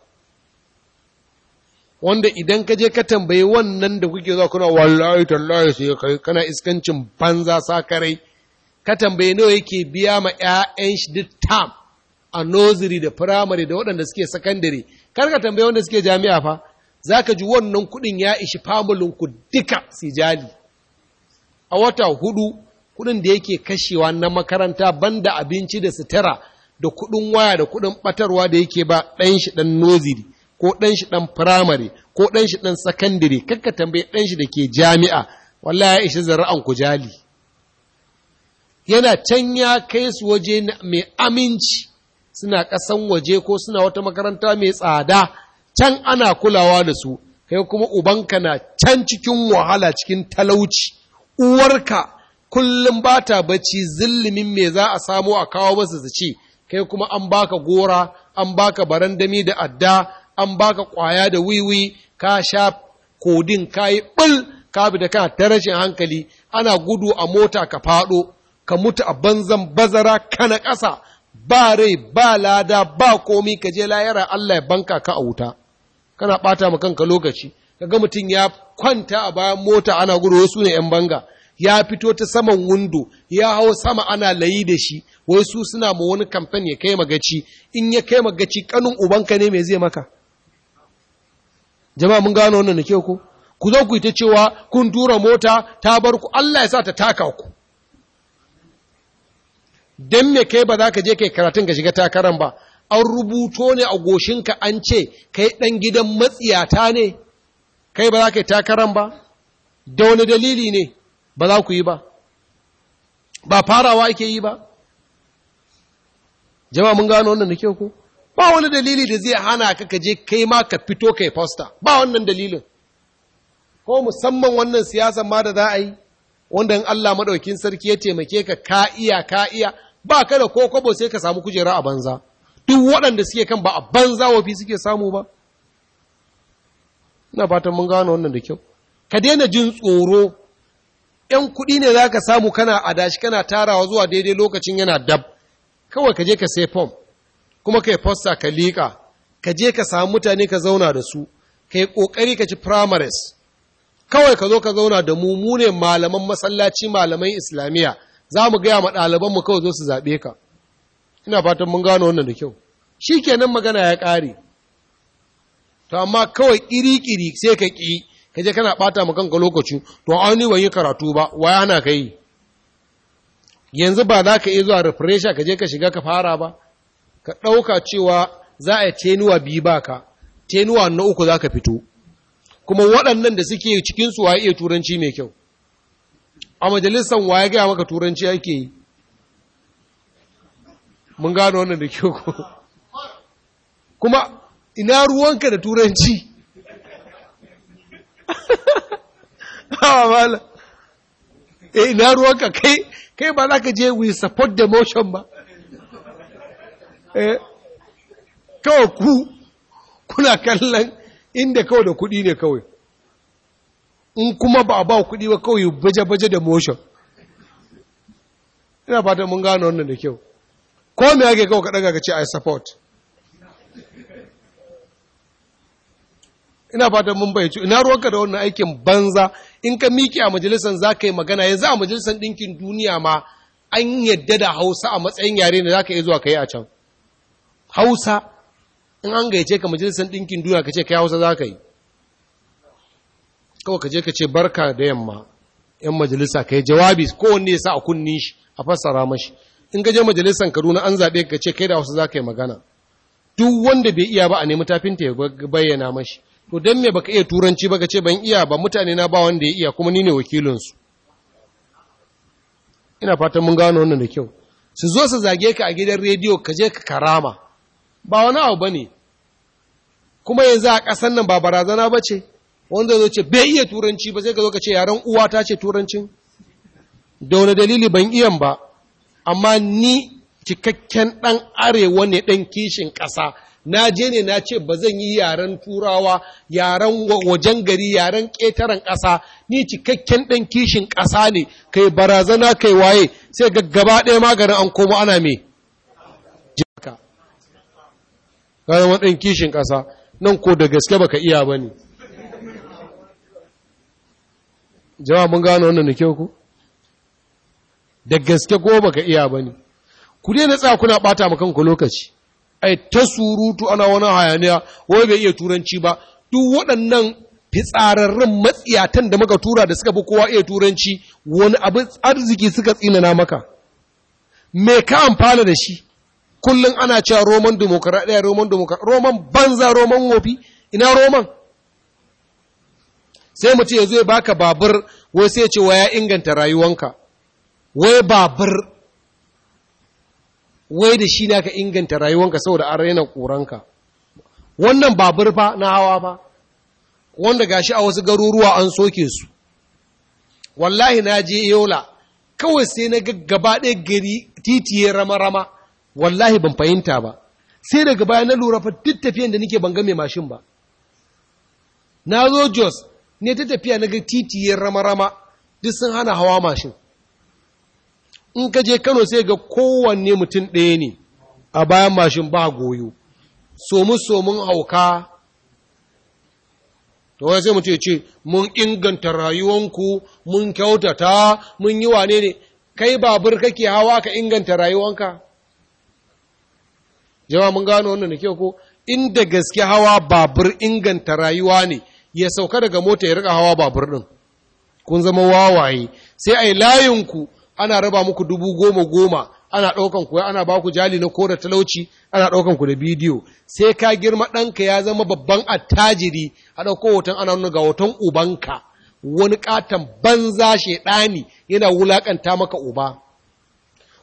wanda idan ka je ka tambaye wannan da kuke zuwa kuna wallahi tallahi sai kai kana iskancin banza sakarai ka tambaye nawa yake biya ma 'ya'yan shi duk tam a nursery da firamare da waɗanda suke sakandare. kar ka tambaye wanda suke jami'a fa zaka ji wannan kuɗin ya ishi famulin ku duka sijali a wata hudu kuɗin da yake kashewa na makaranta banda abinci da sutura da kuɗin waya da kuɗin ɓatarwa da yake ba ɗan shi ɗan noziri ko ɗan shi ɗan firamare ko ɗan shi ɗan sakandire kakka tambaye ɗan shi da ke jami'a wallahi ya ishi zara'an ku jali yana can ya kai su waje mai aminci suna kasan waje ko suna wata makaranta mai tsada can ana kulawa da su kai kuma ubanka na can cikin wahala cikin talauci uwarka kullum ba ta bacci zillimin me za a samo a kawo masa su ce kai kuma an baka gora an baka barandami da adda an baka kwaya da wiwi ka sha kodin ka yi ɓul ka bi da kana ta rashin hankali ana gudu a mota ka faɗo ka mutu a banzan bazara ka na ƙasa ba rai ba lada ba komi ka je layara Allah ya banka ka a wuta kana ɓata ma kanka lokaci ka ga mutum ya kwanta a bayan mota ana gudu wasu ne 'yan banga ya fito ta saman wundo ya hau sama ana layi da shi wai su suna ma wani kamfen ya kai magaci in ya kai magaci kanun ubanka ne mai zai maka jama'a mun gano wannan da ke ku ku zo ku yi cewa kun tura mota ta bar ku Allah ya sa ta taka ku dan me kai ba za ka je kai karatun ka shiga takaran ba an rubuto ne a goshin ka an ce kai ɗan gidan matsiyata ne kai ba za ka yi takaran ba da wani dalili ne ba za ku yi ba ba farawa ake yi ba jama'a mun gano wannan da ke ku ba wani dalili da zai hana ka ka je kai ma ka fito kai fosta ba wannan dalilin ko musamman wannan siyasan ma da za a yi wanda in Allah maɗaukin sarki ya taimake ka ka iya ka iya ba ka da ko kwabo sai ka samu kujera a banza duk waɗanda suke kan ba a banza wafi suke samu ba ina fatan mun gano wannan da kyau ka daina jin tsoro ‘yan kuɗi ne za ka samu kana adashi kana tarawa zuwa daidai lokacin yana dab, kawai ka je ka sai fom, kuma ka yi fosta ka liƙa, ka je ka samu mutane ka zauna da su, ka yi ƙoƙari ka ci primaries, kawai ka zo ka zauna da mu mu ne malaman masallaci malaman islamiyya za mu gaya ma ɗaliban mu kawai zo su zaɓe ka. Ina fatan mun gano wannan da kyau. Shi kenan magana ya ƙare. To amma kawai ƙiri-ƙiri sai ka ƙi, kaje kana bata ma kanka lokaci to an ni ban yi karatu ba waya ana kai yanzu ba za ka iya zuwa refresher ka je ka shiga ka fara ba ka ɗauka cewa za a yi tenuwa biyu ba ka tenuwa na uku za ka fito kuma waɗannan da suke cikinsu waye iya turanci mai kyau a majalisar waye gaya maka turanci ake yi mun gano wannan da kyau ko kuma ina ruwanka da turanci hawa mala eh na ruwanka kai kai ba za ka je we support the motion ba eh kawai ku kuna kallon inda kawai da kuɗi ne kawai in kuma ba a ba kuɗi ba kawai baje-baje da motion ina fata mun gano wannan da kyau ko me yake kawai ka daga ka ce i support ina fatan mun bayyace ina ruwanka da wannan aikin banza in ka miƙe a majalisar za ka yi magana yanzu a majalisar ɗinkin duniya ma an yadda da hausa a matsayin yare da za ka iya zuwa ka yi a can hausa in an gaice ka majalisar ɗinkin duniya ka ce ka yi hausa za ka yi kawai ka je ka ce barka da yamma yan majalisa ka yi jawabi kowanne ya sa a kunnin shi a fassara mashi in ka je majalisar kaduna an zaɓe ka ce kai da hausa za ka yi magana duk wanda bai iya ba a nemi tafinta ya bayyana mashi to don me baka iya turanci baka ce ban iya ba mutane na ba wanda ya iya kuma ni ne wakilinsu ina fatan mun gano wannan da kyau su zo su zage ka a gidan rediyo ka je ka karama ba wani abu ba ne. kuma yanzu a ƙasan nan ba barazana ba ce wanda zo ce bai iya turanci ba sai ka zo ka ce yaren uwa ta ce turancin da wani dalili ban iyan ba amma ni cikakken ɗan arewa ne ɗan kishin ƙasa na je ne na ce ba zan yi yaren turawa yaren wajen gari yaren ƙetaren ƙasa ni cikakken ɗan kishin ƙasa ne kai barazana kai waye sai gaggaba ɗaya maganin an komo ana me jaka ga zama ɗan kishin ƙasa nan ko da gaske baka iya ba ne jama'a mun gano wannan da kyau ku da gaske ko baka iya ba ne ku daina tsaya kuna ɓata ma kanku lokaci ai ta surutu ana wani hayaniya wai bai iya turanci ba duk waɗannan fitsararren matsiyatan da muka tura da suka fi kowa iya turanci wani abin arziki suka tsinana maka me ka amfana da shi kullum ana cewa roman demokaradiyya roman demokaradiyya roman banza roman wofi ina roman sai mu ya zo ya baka babur wai sai ya ce wa ya inganta rayuwanka wai babur wai da shi na ka inganta rayuwanka saboda an raina ƙuranka wannan babur fa na hawa ba wanda gashi a wasu garuruwa an soke su wallahi na je yola kawai sai na gaggaba ɗaya gari titiye rama-rama wallahi ban fahimta ba sai daga baya na lura fa duk tafiyan da nake ban ga mai mashin ba na zo jos ne ta tafiya na ga titiye rama-rama duk sun hana hawa mashin in ka je kano sai ga kowanne mutum ɗaya ne a bayan mashin ba goyo somu-somun hauka to wani sai mutum ya ce mun inganta rayuwanku mun kyautata mun yi wane ne kai babur kake hawa ka inganta rayuwanka jama mun gano wannan da kyau ko inda gaske hawa babur inganta rayuwa ne ya sauka daga mota ya riƙa hawa babur ɗin. kun zama wawaye sai ai layinku ana raba muku dubu goma goma ana ɗaukan ku ana ba ku jali na kora talauci ana ɗaukan ku da bidiyo sai ka girma ɗanka ya zama babban attajiri a ɗauko hoton ana nuna ga hoton ubanka wani katon banza ɗani yana wulaƙanta maka uba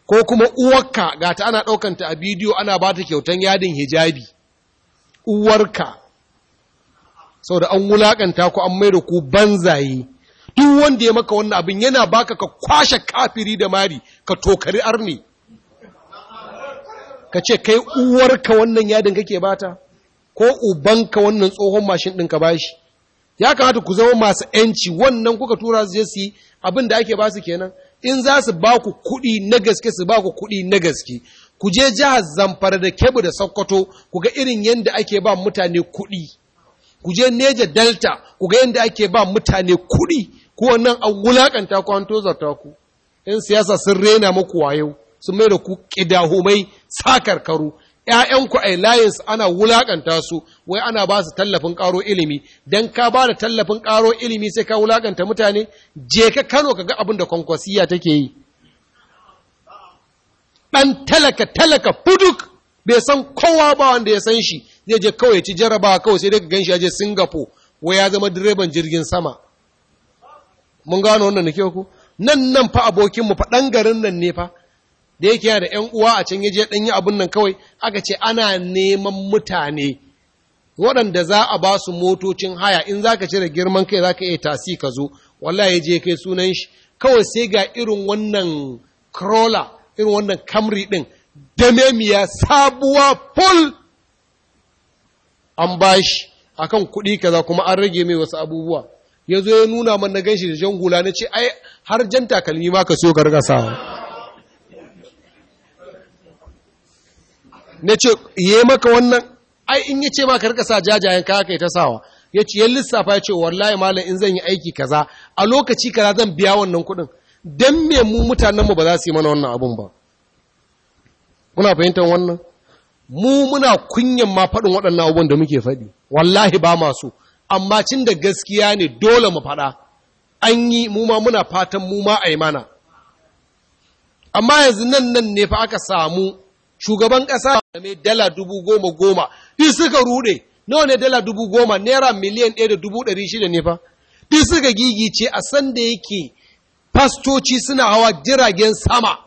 ko kuma uwarka ga ta ana ɗaukanta a bidiyo ana ba ta kyautan yadin hijabi uwarka sau da an wulaƙanta ku an mai da ku banzaye duk wanda ya maka wannan abin yana baka ka kwashe kafiri da mari ka tokari arni ka ce kai uwarka wannan yadin kake bata ko ubanka wannan tsohon mashin ɗin ka bashi ya kamata ku zama masu ‘yanci wannan kuka tura su je su yi abin da ake ba su kenan in za su ba ku kuɗi na gaske su ba ku kuɗi na gaske ku je jihar zamfara da kebu da sokoto ku ga irin yadda ake ba mutane kuɗi ku je neja delta ku ga yadda ake ba mutane kuɗi ko wannan an wulakanta ku an tozarta ku yan siyasa sun rena muku wayo sun mai da ku kidahumai sakarkaru ‘ya'yanku a layinsu ana wulaƙanta su, wai ana ba su tallafin ƙaro ilimi, don ka ba da tallafin ƙaro ilimi sai ka wulaƙanta mutane, je ka Kano ka ga abin da kwankwasiya take yi. Ɗan talaka talaka fuduk bai san kowa ba wanda ya san shi, zai je kawai ci jarabawa kawai sai dai gan ganshi ya je Singapore, wai ya zama direban jirgin sama. mun gano wannan nake ku nan nan fa abokinmu fa ɗan garin nan ne fa da yake yana da ‘yan uwa a can yaje ɗan yi abin nan kawai aka ce ana neman mutane waɗanda za a ba su motocin haya in za ka cire girman kai za ka iya tasi ka zo wallahi ya je kai sunan shi kawai sai ga irin wannan crawler irin wannan kamri ɗin damemiya sabuwa full an bashi akan kuɗi kaza kuma an rage mai wasu abubuwa ya zo ya nuna man na ganshi da jan hula na ce ai har jan takalmi ma ka so ka riga sawa na ce yi maka wannan ai in ya ce ma ka riga sa jajayen kaya kai ta sawa ya ce ya lissafa ya ce wallahi malam in zan yi aiki kaza a lokaci kaza zan biya wannan kuɗin dan me mu mutanenmu ba za su yi mana wannan abun ba kuna fahimtar wannan mu muna kunyan ma faɗin waɗannan abubuwan da muke faɗi wallahi ba masu amma cin da gaskiya ne dole mu faɗa an yi muma muna fatan muma ayi a yi mana amma yanzu nan nan ne fa aka samu shugaban ƙasa mai dala dubu goma goma duk suka rude nawa ne dala dubu goma naira miliyan ɗaya da dubu ɗari shida ne fa duk suka gigice a sanda yake fastoci suna hawa jiragen sama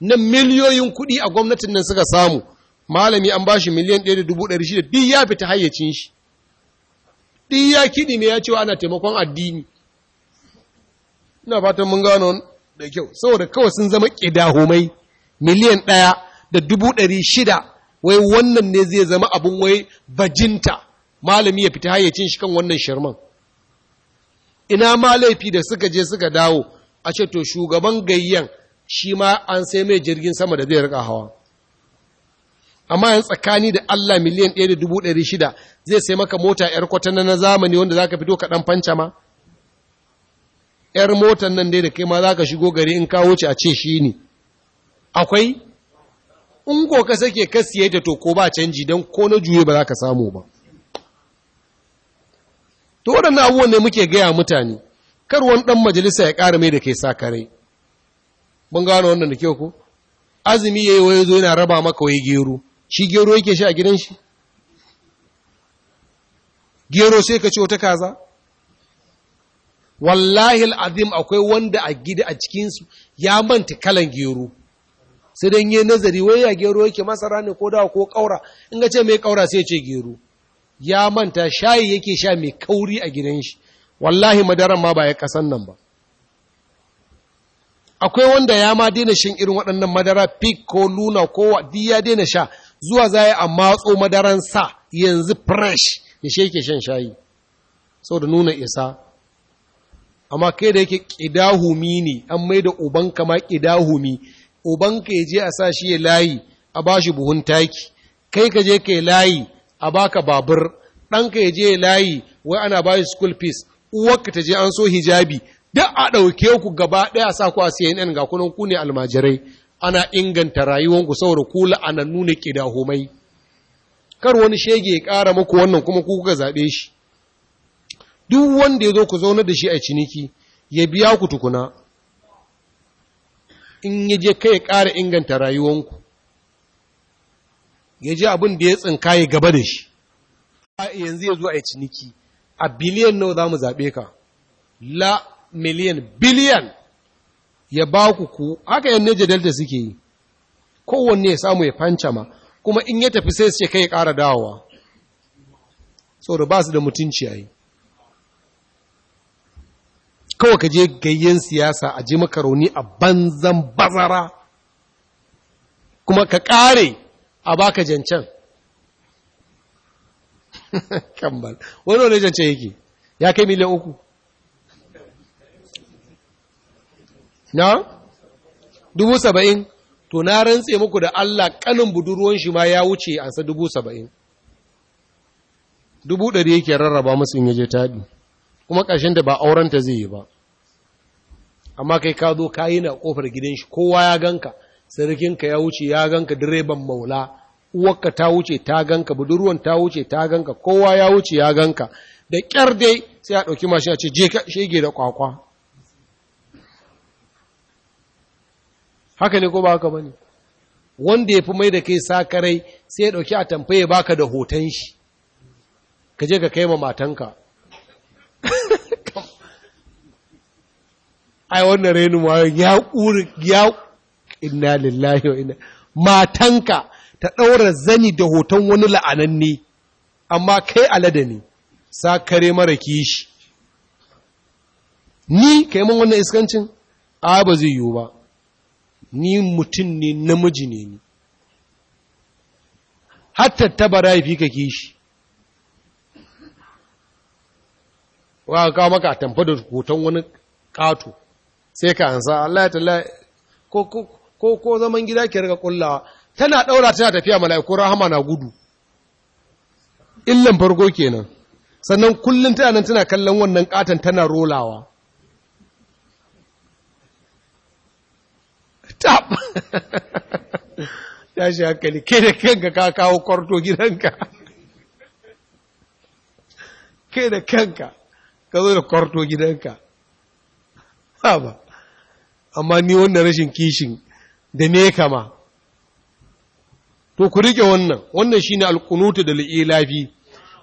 na miliyoyin kuɗi a gwamnatin nan suka samu malami an ba shi miliyan ɗaya da dubu ɗari shida duk ya fita hayyacin shi ɗi kiɗi ne ya cewa ana taimakon addini ina fatan mun gano da kyau saboda kawai sun zama ƙidahumai miliyan ɗaya da dubu ɗari shida wai wannan ne zai zama abin wai bajinta malami ya fita hayyacin shi kan wannan shirman ina ma laifi da suka je suka dawo a ce to shugaban gayyan shi ma an sai mai jirgin sama da zai rika hawa amma yanzu tsakani da Allah miliyan ɗaya da dubu ɗari shida zai sai maka mota ‘yar kwatanna na zamani wanda za ka fito kaɗan fanca ma? ‘yar motan nan dai da kai ma za ka shigo gari in kawo ce a ce shi ne. Akwai? In ko ka sake ka ta to ko ba canji don ko na juye ba za ka samu ba. To waɗanda abubuwan ne muke gaya mutane, kar wani ɗan majalisa ya ƙara mai da kai sa kare. Mun gano wannan da kyau ko? Azumi ya yi wani zo yana raba maka wai gero. shi gero yake shi a gidan shi gero sai ka ce wata kaza wallahi azim akwai wanda a gida a cikinsu ya manta kalan gero sai ya yi nazari wai ya gero yake masara ne ko dawa ko kaura in ga ce mai kaura sai ce gero ya manta shayi yake sha mai kauri a gidan shi wallahi madaran ma ba ya kasan nan ba akwai wanda ya ma daina shan irin waɗannan madara pig ko luna ko wadi ya daina sha zuwa zai a matso madaran sa yanzu fresh ya sheke shan shayi sau da nuna isa amma kai da yake ƙidahumi ne an mai da ubanka ma ƙidahumi ubanka ya je a sa shi ya layi a ba shi buhun taki kai ka je ka layi a baka babur ɗanka ya je ya layi wai ana ba shi school fees uwarka ta je an so hijabi duk a ɗauke ku gaba ɗaya sa ku a CNN ga kunan ku ne almajirai ana inganta rayuwanku saboda ku nuna kida homai. kar wani shege ya ƙara muku wannan kuma ku kuka zaɓe shi duk wanda ya zo ku zauna da shi a ciniki ya biya ku tukuna in ya je kai ya ƙara inganta rayuwanku ya je abin da ya tsinka ya gaba da shi yanzu ya zo a ciniki a biliyan nawa za mu zaɓe ka la miliyan biliyan ya ba ku ku haka yanne jadalta suke yi kowanne ya samu ya ma kuma in ya tafi sai su ce kai ƙara dawowa da ba su da mutunci yayi kawai ka je gayyen siyasa a ji makaroni a banzan bazara kuma ka ƙare a baka jancen kambal wani wani jancen yake ya kai miliyan uku na dubu saba'in to na rantse muku da Allah kanin budurwan shi ma ya wuce ansa dubu saba'in dubu ɗari yake rarraba musu in yaje taɗi kuma ƙarshen da ba aurenta zai yi ba amma kai ka zo ka yi na ƙofar gidan shi kowa ya ganka sarkinka ya wuce ya ganka direban maula uwarka ta wuce ta ganka budurwan ta wuce ta ganka kowa ya wuce ya ganka da ƙyar dai sai a ɗauki mashi a ce je shege da kwakwa haka ne ko ba haka bane wanda ya fi mai da kai sakarai sai ya ɗauki a ya baka da hoton shi ka je ka kai ma matanka ai wannan rainu wayo ya ƙuri ya inna lillahi wa inna matanka ta ɗaura zani da hoton wani la'ananne amma kai alada ne sakare mara kishi ni kai mun wannan iskancin a ba zai yiwu ba ni mutum ne namiji ne ni hatta bara ya fi ka kishi wa kawo maka a tamfa da hoton wani ƙato sai ka ansa Allah ya talla ko ko zaman gida ke riga kullawa tana daura tana tafiya mala'iku rahama na gudu illan farko kenan sannan kullun tana nan tana kallon wannan katon tana rolawa tashi hankali ke da kanka ka kawo kwarto gidanka ke da kanka ka zo da kwarto gidanka ba amma ni wannan rashin kishin da ne kama to ku rike wannan wannan shi ne alkunuta da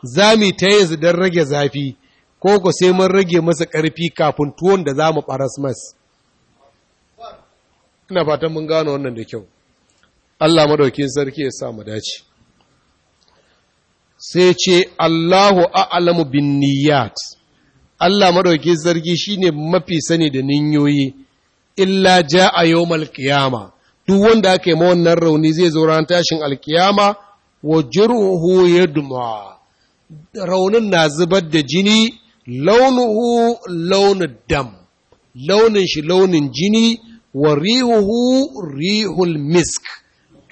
za mu ta yanzu don rage zafi ko ku sai mun rage masa ƙarfi kafin tuwon da za mu ɓaras mas ina fatan mun gano wannan da kyau Allah madaukin sarki ya sa mu dace sai ce Allahu a'lamu bin niyyat Allah madaukin sarki shine mafi sani da ninyoyi illa ja'a yawmal qiyama duk wanda aka yi ma wannan rauni zai zo ran tashin alkiyama wa ya yadma raunin na zubar da jini launuhu launin dam launin shi launin jini wa rihuhu rihul misk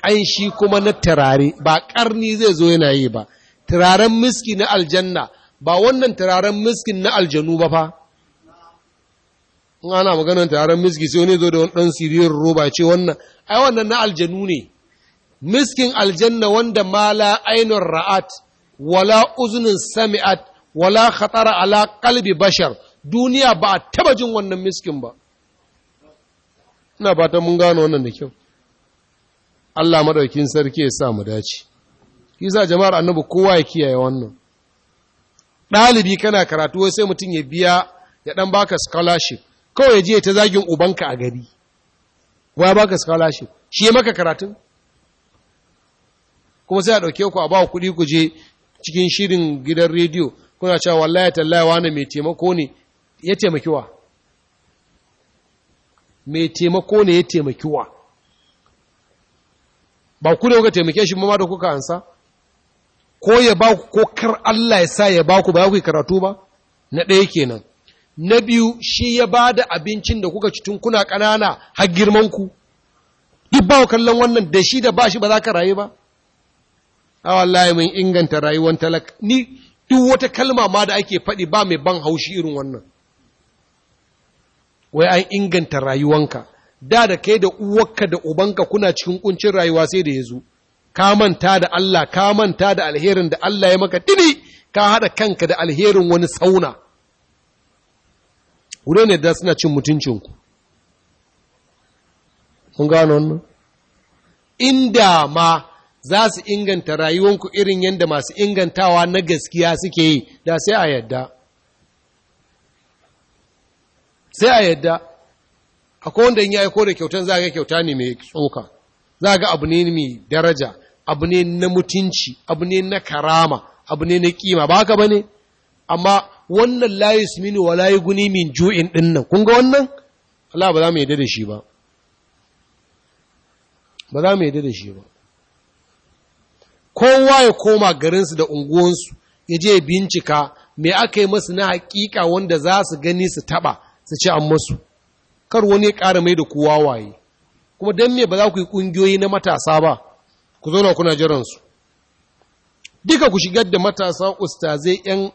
ƙanshi kuma na turare ba ƙarni zai zo yana yi ba turaren miski na aljanna ba wannan turaren miskin na aljanu ba fa in ana maganar turaren miski sai wani zo da wani ɗan siririn roba ce wannan ai wannan na aljanu ne miskin aljanna wanda mala ainihin ra'at wala uzunin sami'at wala khatara ala kalbi bashar duniya ba a taba jin wannan miskin ba ina fatan mun gano wannan da kyau Allah madaukin sarki ya sa mu dace kisa jama'ar annabi kowa ya kiyaye wannan Dalibi kana karatu sai mutum ya biya ya ɗan baka scholarship kawai ya je ta zagin ubanka a gari wa baka scholarship shi ya maka karatu? kuma sai a ɗauke ku a ba kuɗi ku je cikin shirin gidan rediyo kuna cewa wallahi tallahi wani mai taimako ne ya taimaki wa mai taimako ne ya taimaki wa ba ku ne kuka taimake shi ma da kuka ansa ko ya ba ku ko kar Allah ya sa ya ba ku ba ku karatu ba na ɗaya kenan na biyu shi ya ba da abincin da kuka ci kuna ƙanana har girman ku duk ba kallon wannan da shi da ba shi ba za ka rayu ba a wallahi mun inganta rayuwar talaka ni duk wata kalma ma da ake faɗi ba mai ban haushi irin wannan wai an inganta rayuwanka da da kai da uwarka da ubanka kuna cikin kuncin rayuwa sai da ya zo ka manta da Allah ka manta da alherin da Allah ya maka dini ka haɗa kanka da alherin wani sauna Wurin ne da suna cin mutuncinku kun gano wannan inda ma za su inganta rayuwanku irin yadda masu ingantawa na gaskiya suke yi da sai a yadda sai a yadda akwai wanda in ya aiko da kyautan za ga kyauta ne mai tsoka za ga abu ne mai daraja abu ne na mutunci abu ne na karama abu ne na kima ba haka bane amma wannan la mini wa layi guni min ju'in nan, kun ga wannan Allah ba za mu yadda da shi ba ba za mu yadda da shi ba kowa ya koma garinsu da unguwansu ya je bincika me aka yi masu na hakika wanda za su gani su taba su ce an masu kar wani ya ƙara mai da kowa waye kuma don me ba za ku yi ƙungiyoyi na matasa ba ku zauna kuna jiransu duka ku shigar da matasa ustazai yan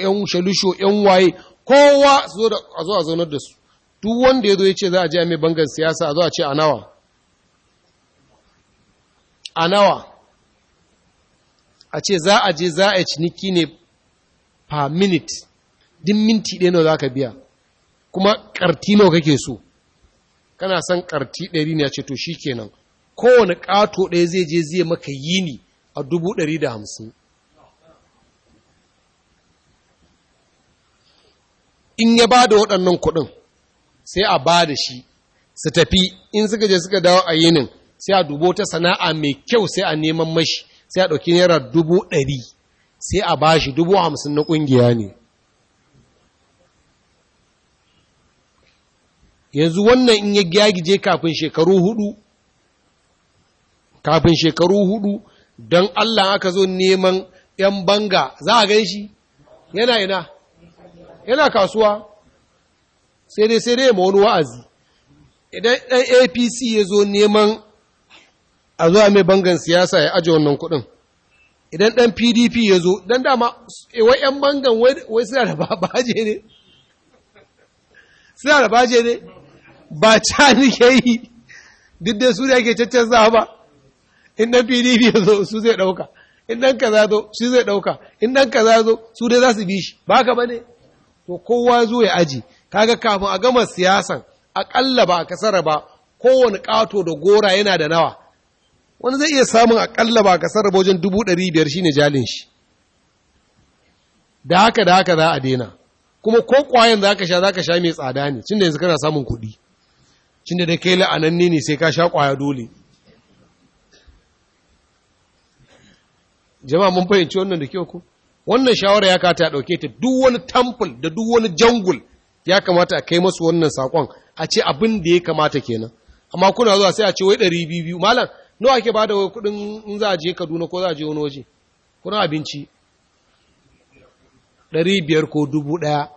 yan shalisho yan waye kowa su da a zo a zaunar da su duk wanda ya zo ya ce za a je a mai bangar siyasa a zo a ce a nawa a nawa a ce za a je za a yi ciniki ne per minute Din minti ɗaya nawa za ka biya kuma ƙarti nawa kake so kana son ƙarti ɗari ne a ce to shi kenan kowane ƙato ɗaya zai je zai maka yini a dubu ɗari da hamsin in ya ba da waɗannan kuɗin sai a ba da shi su tafi in suka je suka dawo a yinin sai a dubo ta sana'a mai kyau sai a neman mashi sai a ɗauki naira dubu ɗari sai a ba shi dubu hamsin na ƙungiya ne yanzu wannan in ya gyagije kafin shekaru hudu kafin shekaru hudu don Allah aka zo neman ‘yan banga za a gan shi yana ina yana kasuwa sai dai sai dai ma wani wa'azi idan ɗan apc ya zo neman a zuwa mai bangan siyasa ya aje wannan kuɗin idan ɗan pdp ya zo don dama wai ‘yan bangan wai suna da baje ne suna da baje ne ba ca nike yi duk da su da ake za ba in dan pdp ya zo su zai ɗauka in dan kaza zo su zai dauka in dan kaza zo su dai za su bi shi ba ka bane to kowa zo ya aji kaga kafin a gama siyasan akalla ba a kasara ba kowane ƙato da gora yana da nawa wani zai iya samun akalla ba a kasara ba wajen dubu ɗari biyar shine jalin shi da haka da haka za a daina kuma ko kwayan za ka sha za ka sha mai tsada ne cin da yanzu kana samun kuɗi cin da kai la'ananne ne sai ka sha kwaya dole jama'a mun fahimci wannan da kyau ku. wannan shawara ya kata ɗauke ta duk wani tamful da duk wani jangul ya kamata a kai masu wannan sakon a ce abin da ya kamata kenan amma kuna zuwa sai a ce wai ɗari biyu malam nawa ake bada wai kuɗin in za a je kaduna ko za a je wani waje kuna abinci ɗari biyar ko dubu ɗaya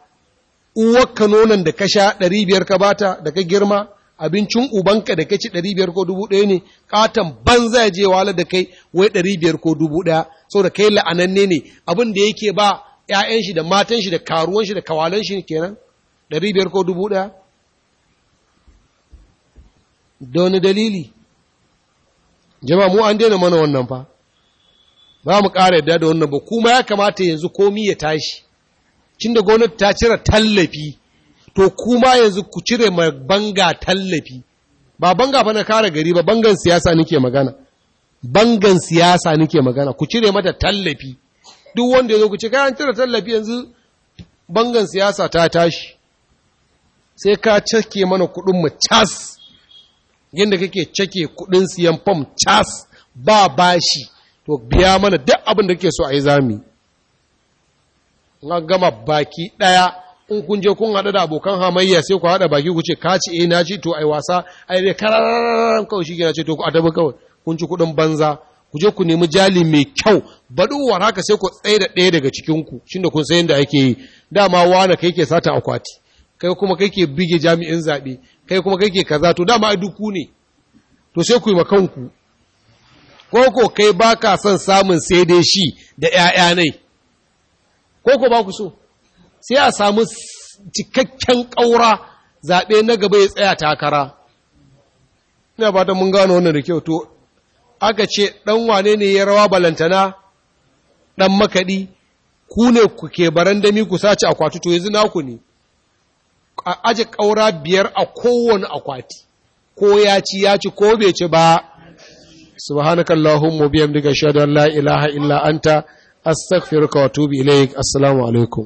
uwar nonon da ka sha ɗari biyar ka bata da ka girma abincin ubanka da ci ɗari biyar ko dubu ɗaya ne katon ban zai je wala da kai wai ɗari biyar ko dubu ɗaya saboda kai la'ananne ne abin da yake ba ‘ya'yan shi da matan shi da karuwan shi da kawalan shi kenan ɗari biyar ko dubu ɗaya da wani dalili jama'a mu an daina mana wannan fa ba mu ƙara yadda da wannan ba kuma ya kamata yanzu komi ya tashi cin da gwamnati ta cire tallafi to kuma yanzu ku cire ma banga tallafi ba banga ba na kare gari ba bangan siyasa nake magana bangan siyasa nake magana ku cire mata tallafi duk wanda ya zo ku ce kayan cire tallafi yanzu bangan siyasa ta tashi sai ka cake mana kuɗin mu cas yanda kake cake kudin siyan fom cas ba bashi to biya mana duk abin da kake so a yi zami na gama baki ɗaya in kun je kun haɗu da abokan hamayya sai ku haɗa baki ku ce ka ci eh na ci to ai wasa ai dai kararan kawai shi gina ce to ku adabi kawai kun ci kuɗin banza ku je ku nemi jali mai kyau baɗuwar haka sai ku tsaye da ɗaya daga cikinku shi da kun sai da ake yi dama wani kai ke sata akwati kai kuma kai ke bige jami'in zaɓe kai kuma kai ke kaza to dama ai duku ne to sai ku yi makanku ko ko kai baka ka son samun sai dai shi da ‘ya'ya nai ko ko ba ku so sai a samu cikakken ƙaura zaɓe na gaba ya tsaya takara ina ba ta mun gano wannan da kyau to aka ce ɗan wane ne ya rawa balantana ɗan makaɗi ku ne ku ke barandami ku sace akwati to yanzu naku ne a aji ƙaura biyar a kowane akwati ko ya ci ya ci ko bai ci ba سبحانك اللهم وبحمدك اشهد ان لا اله الا انت استغفرك واتوب اليك السلام عليكم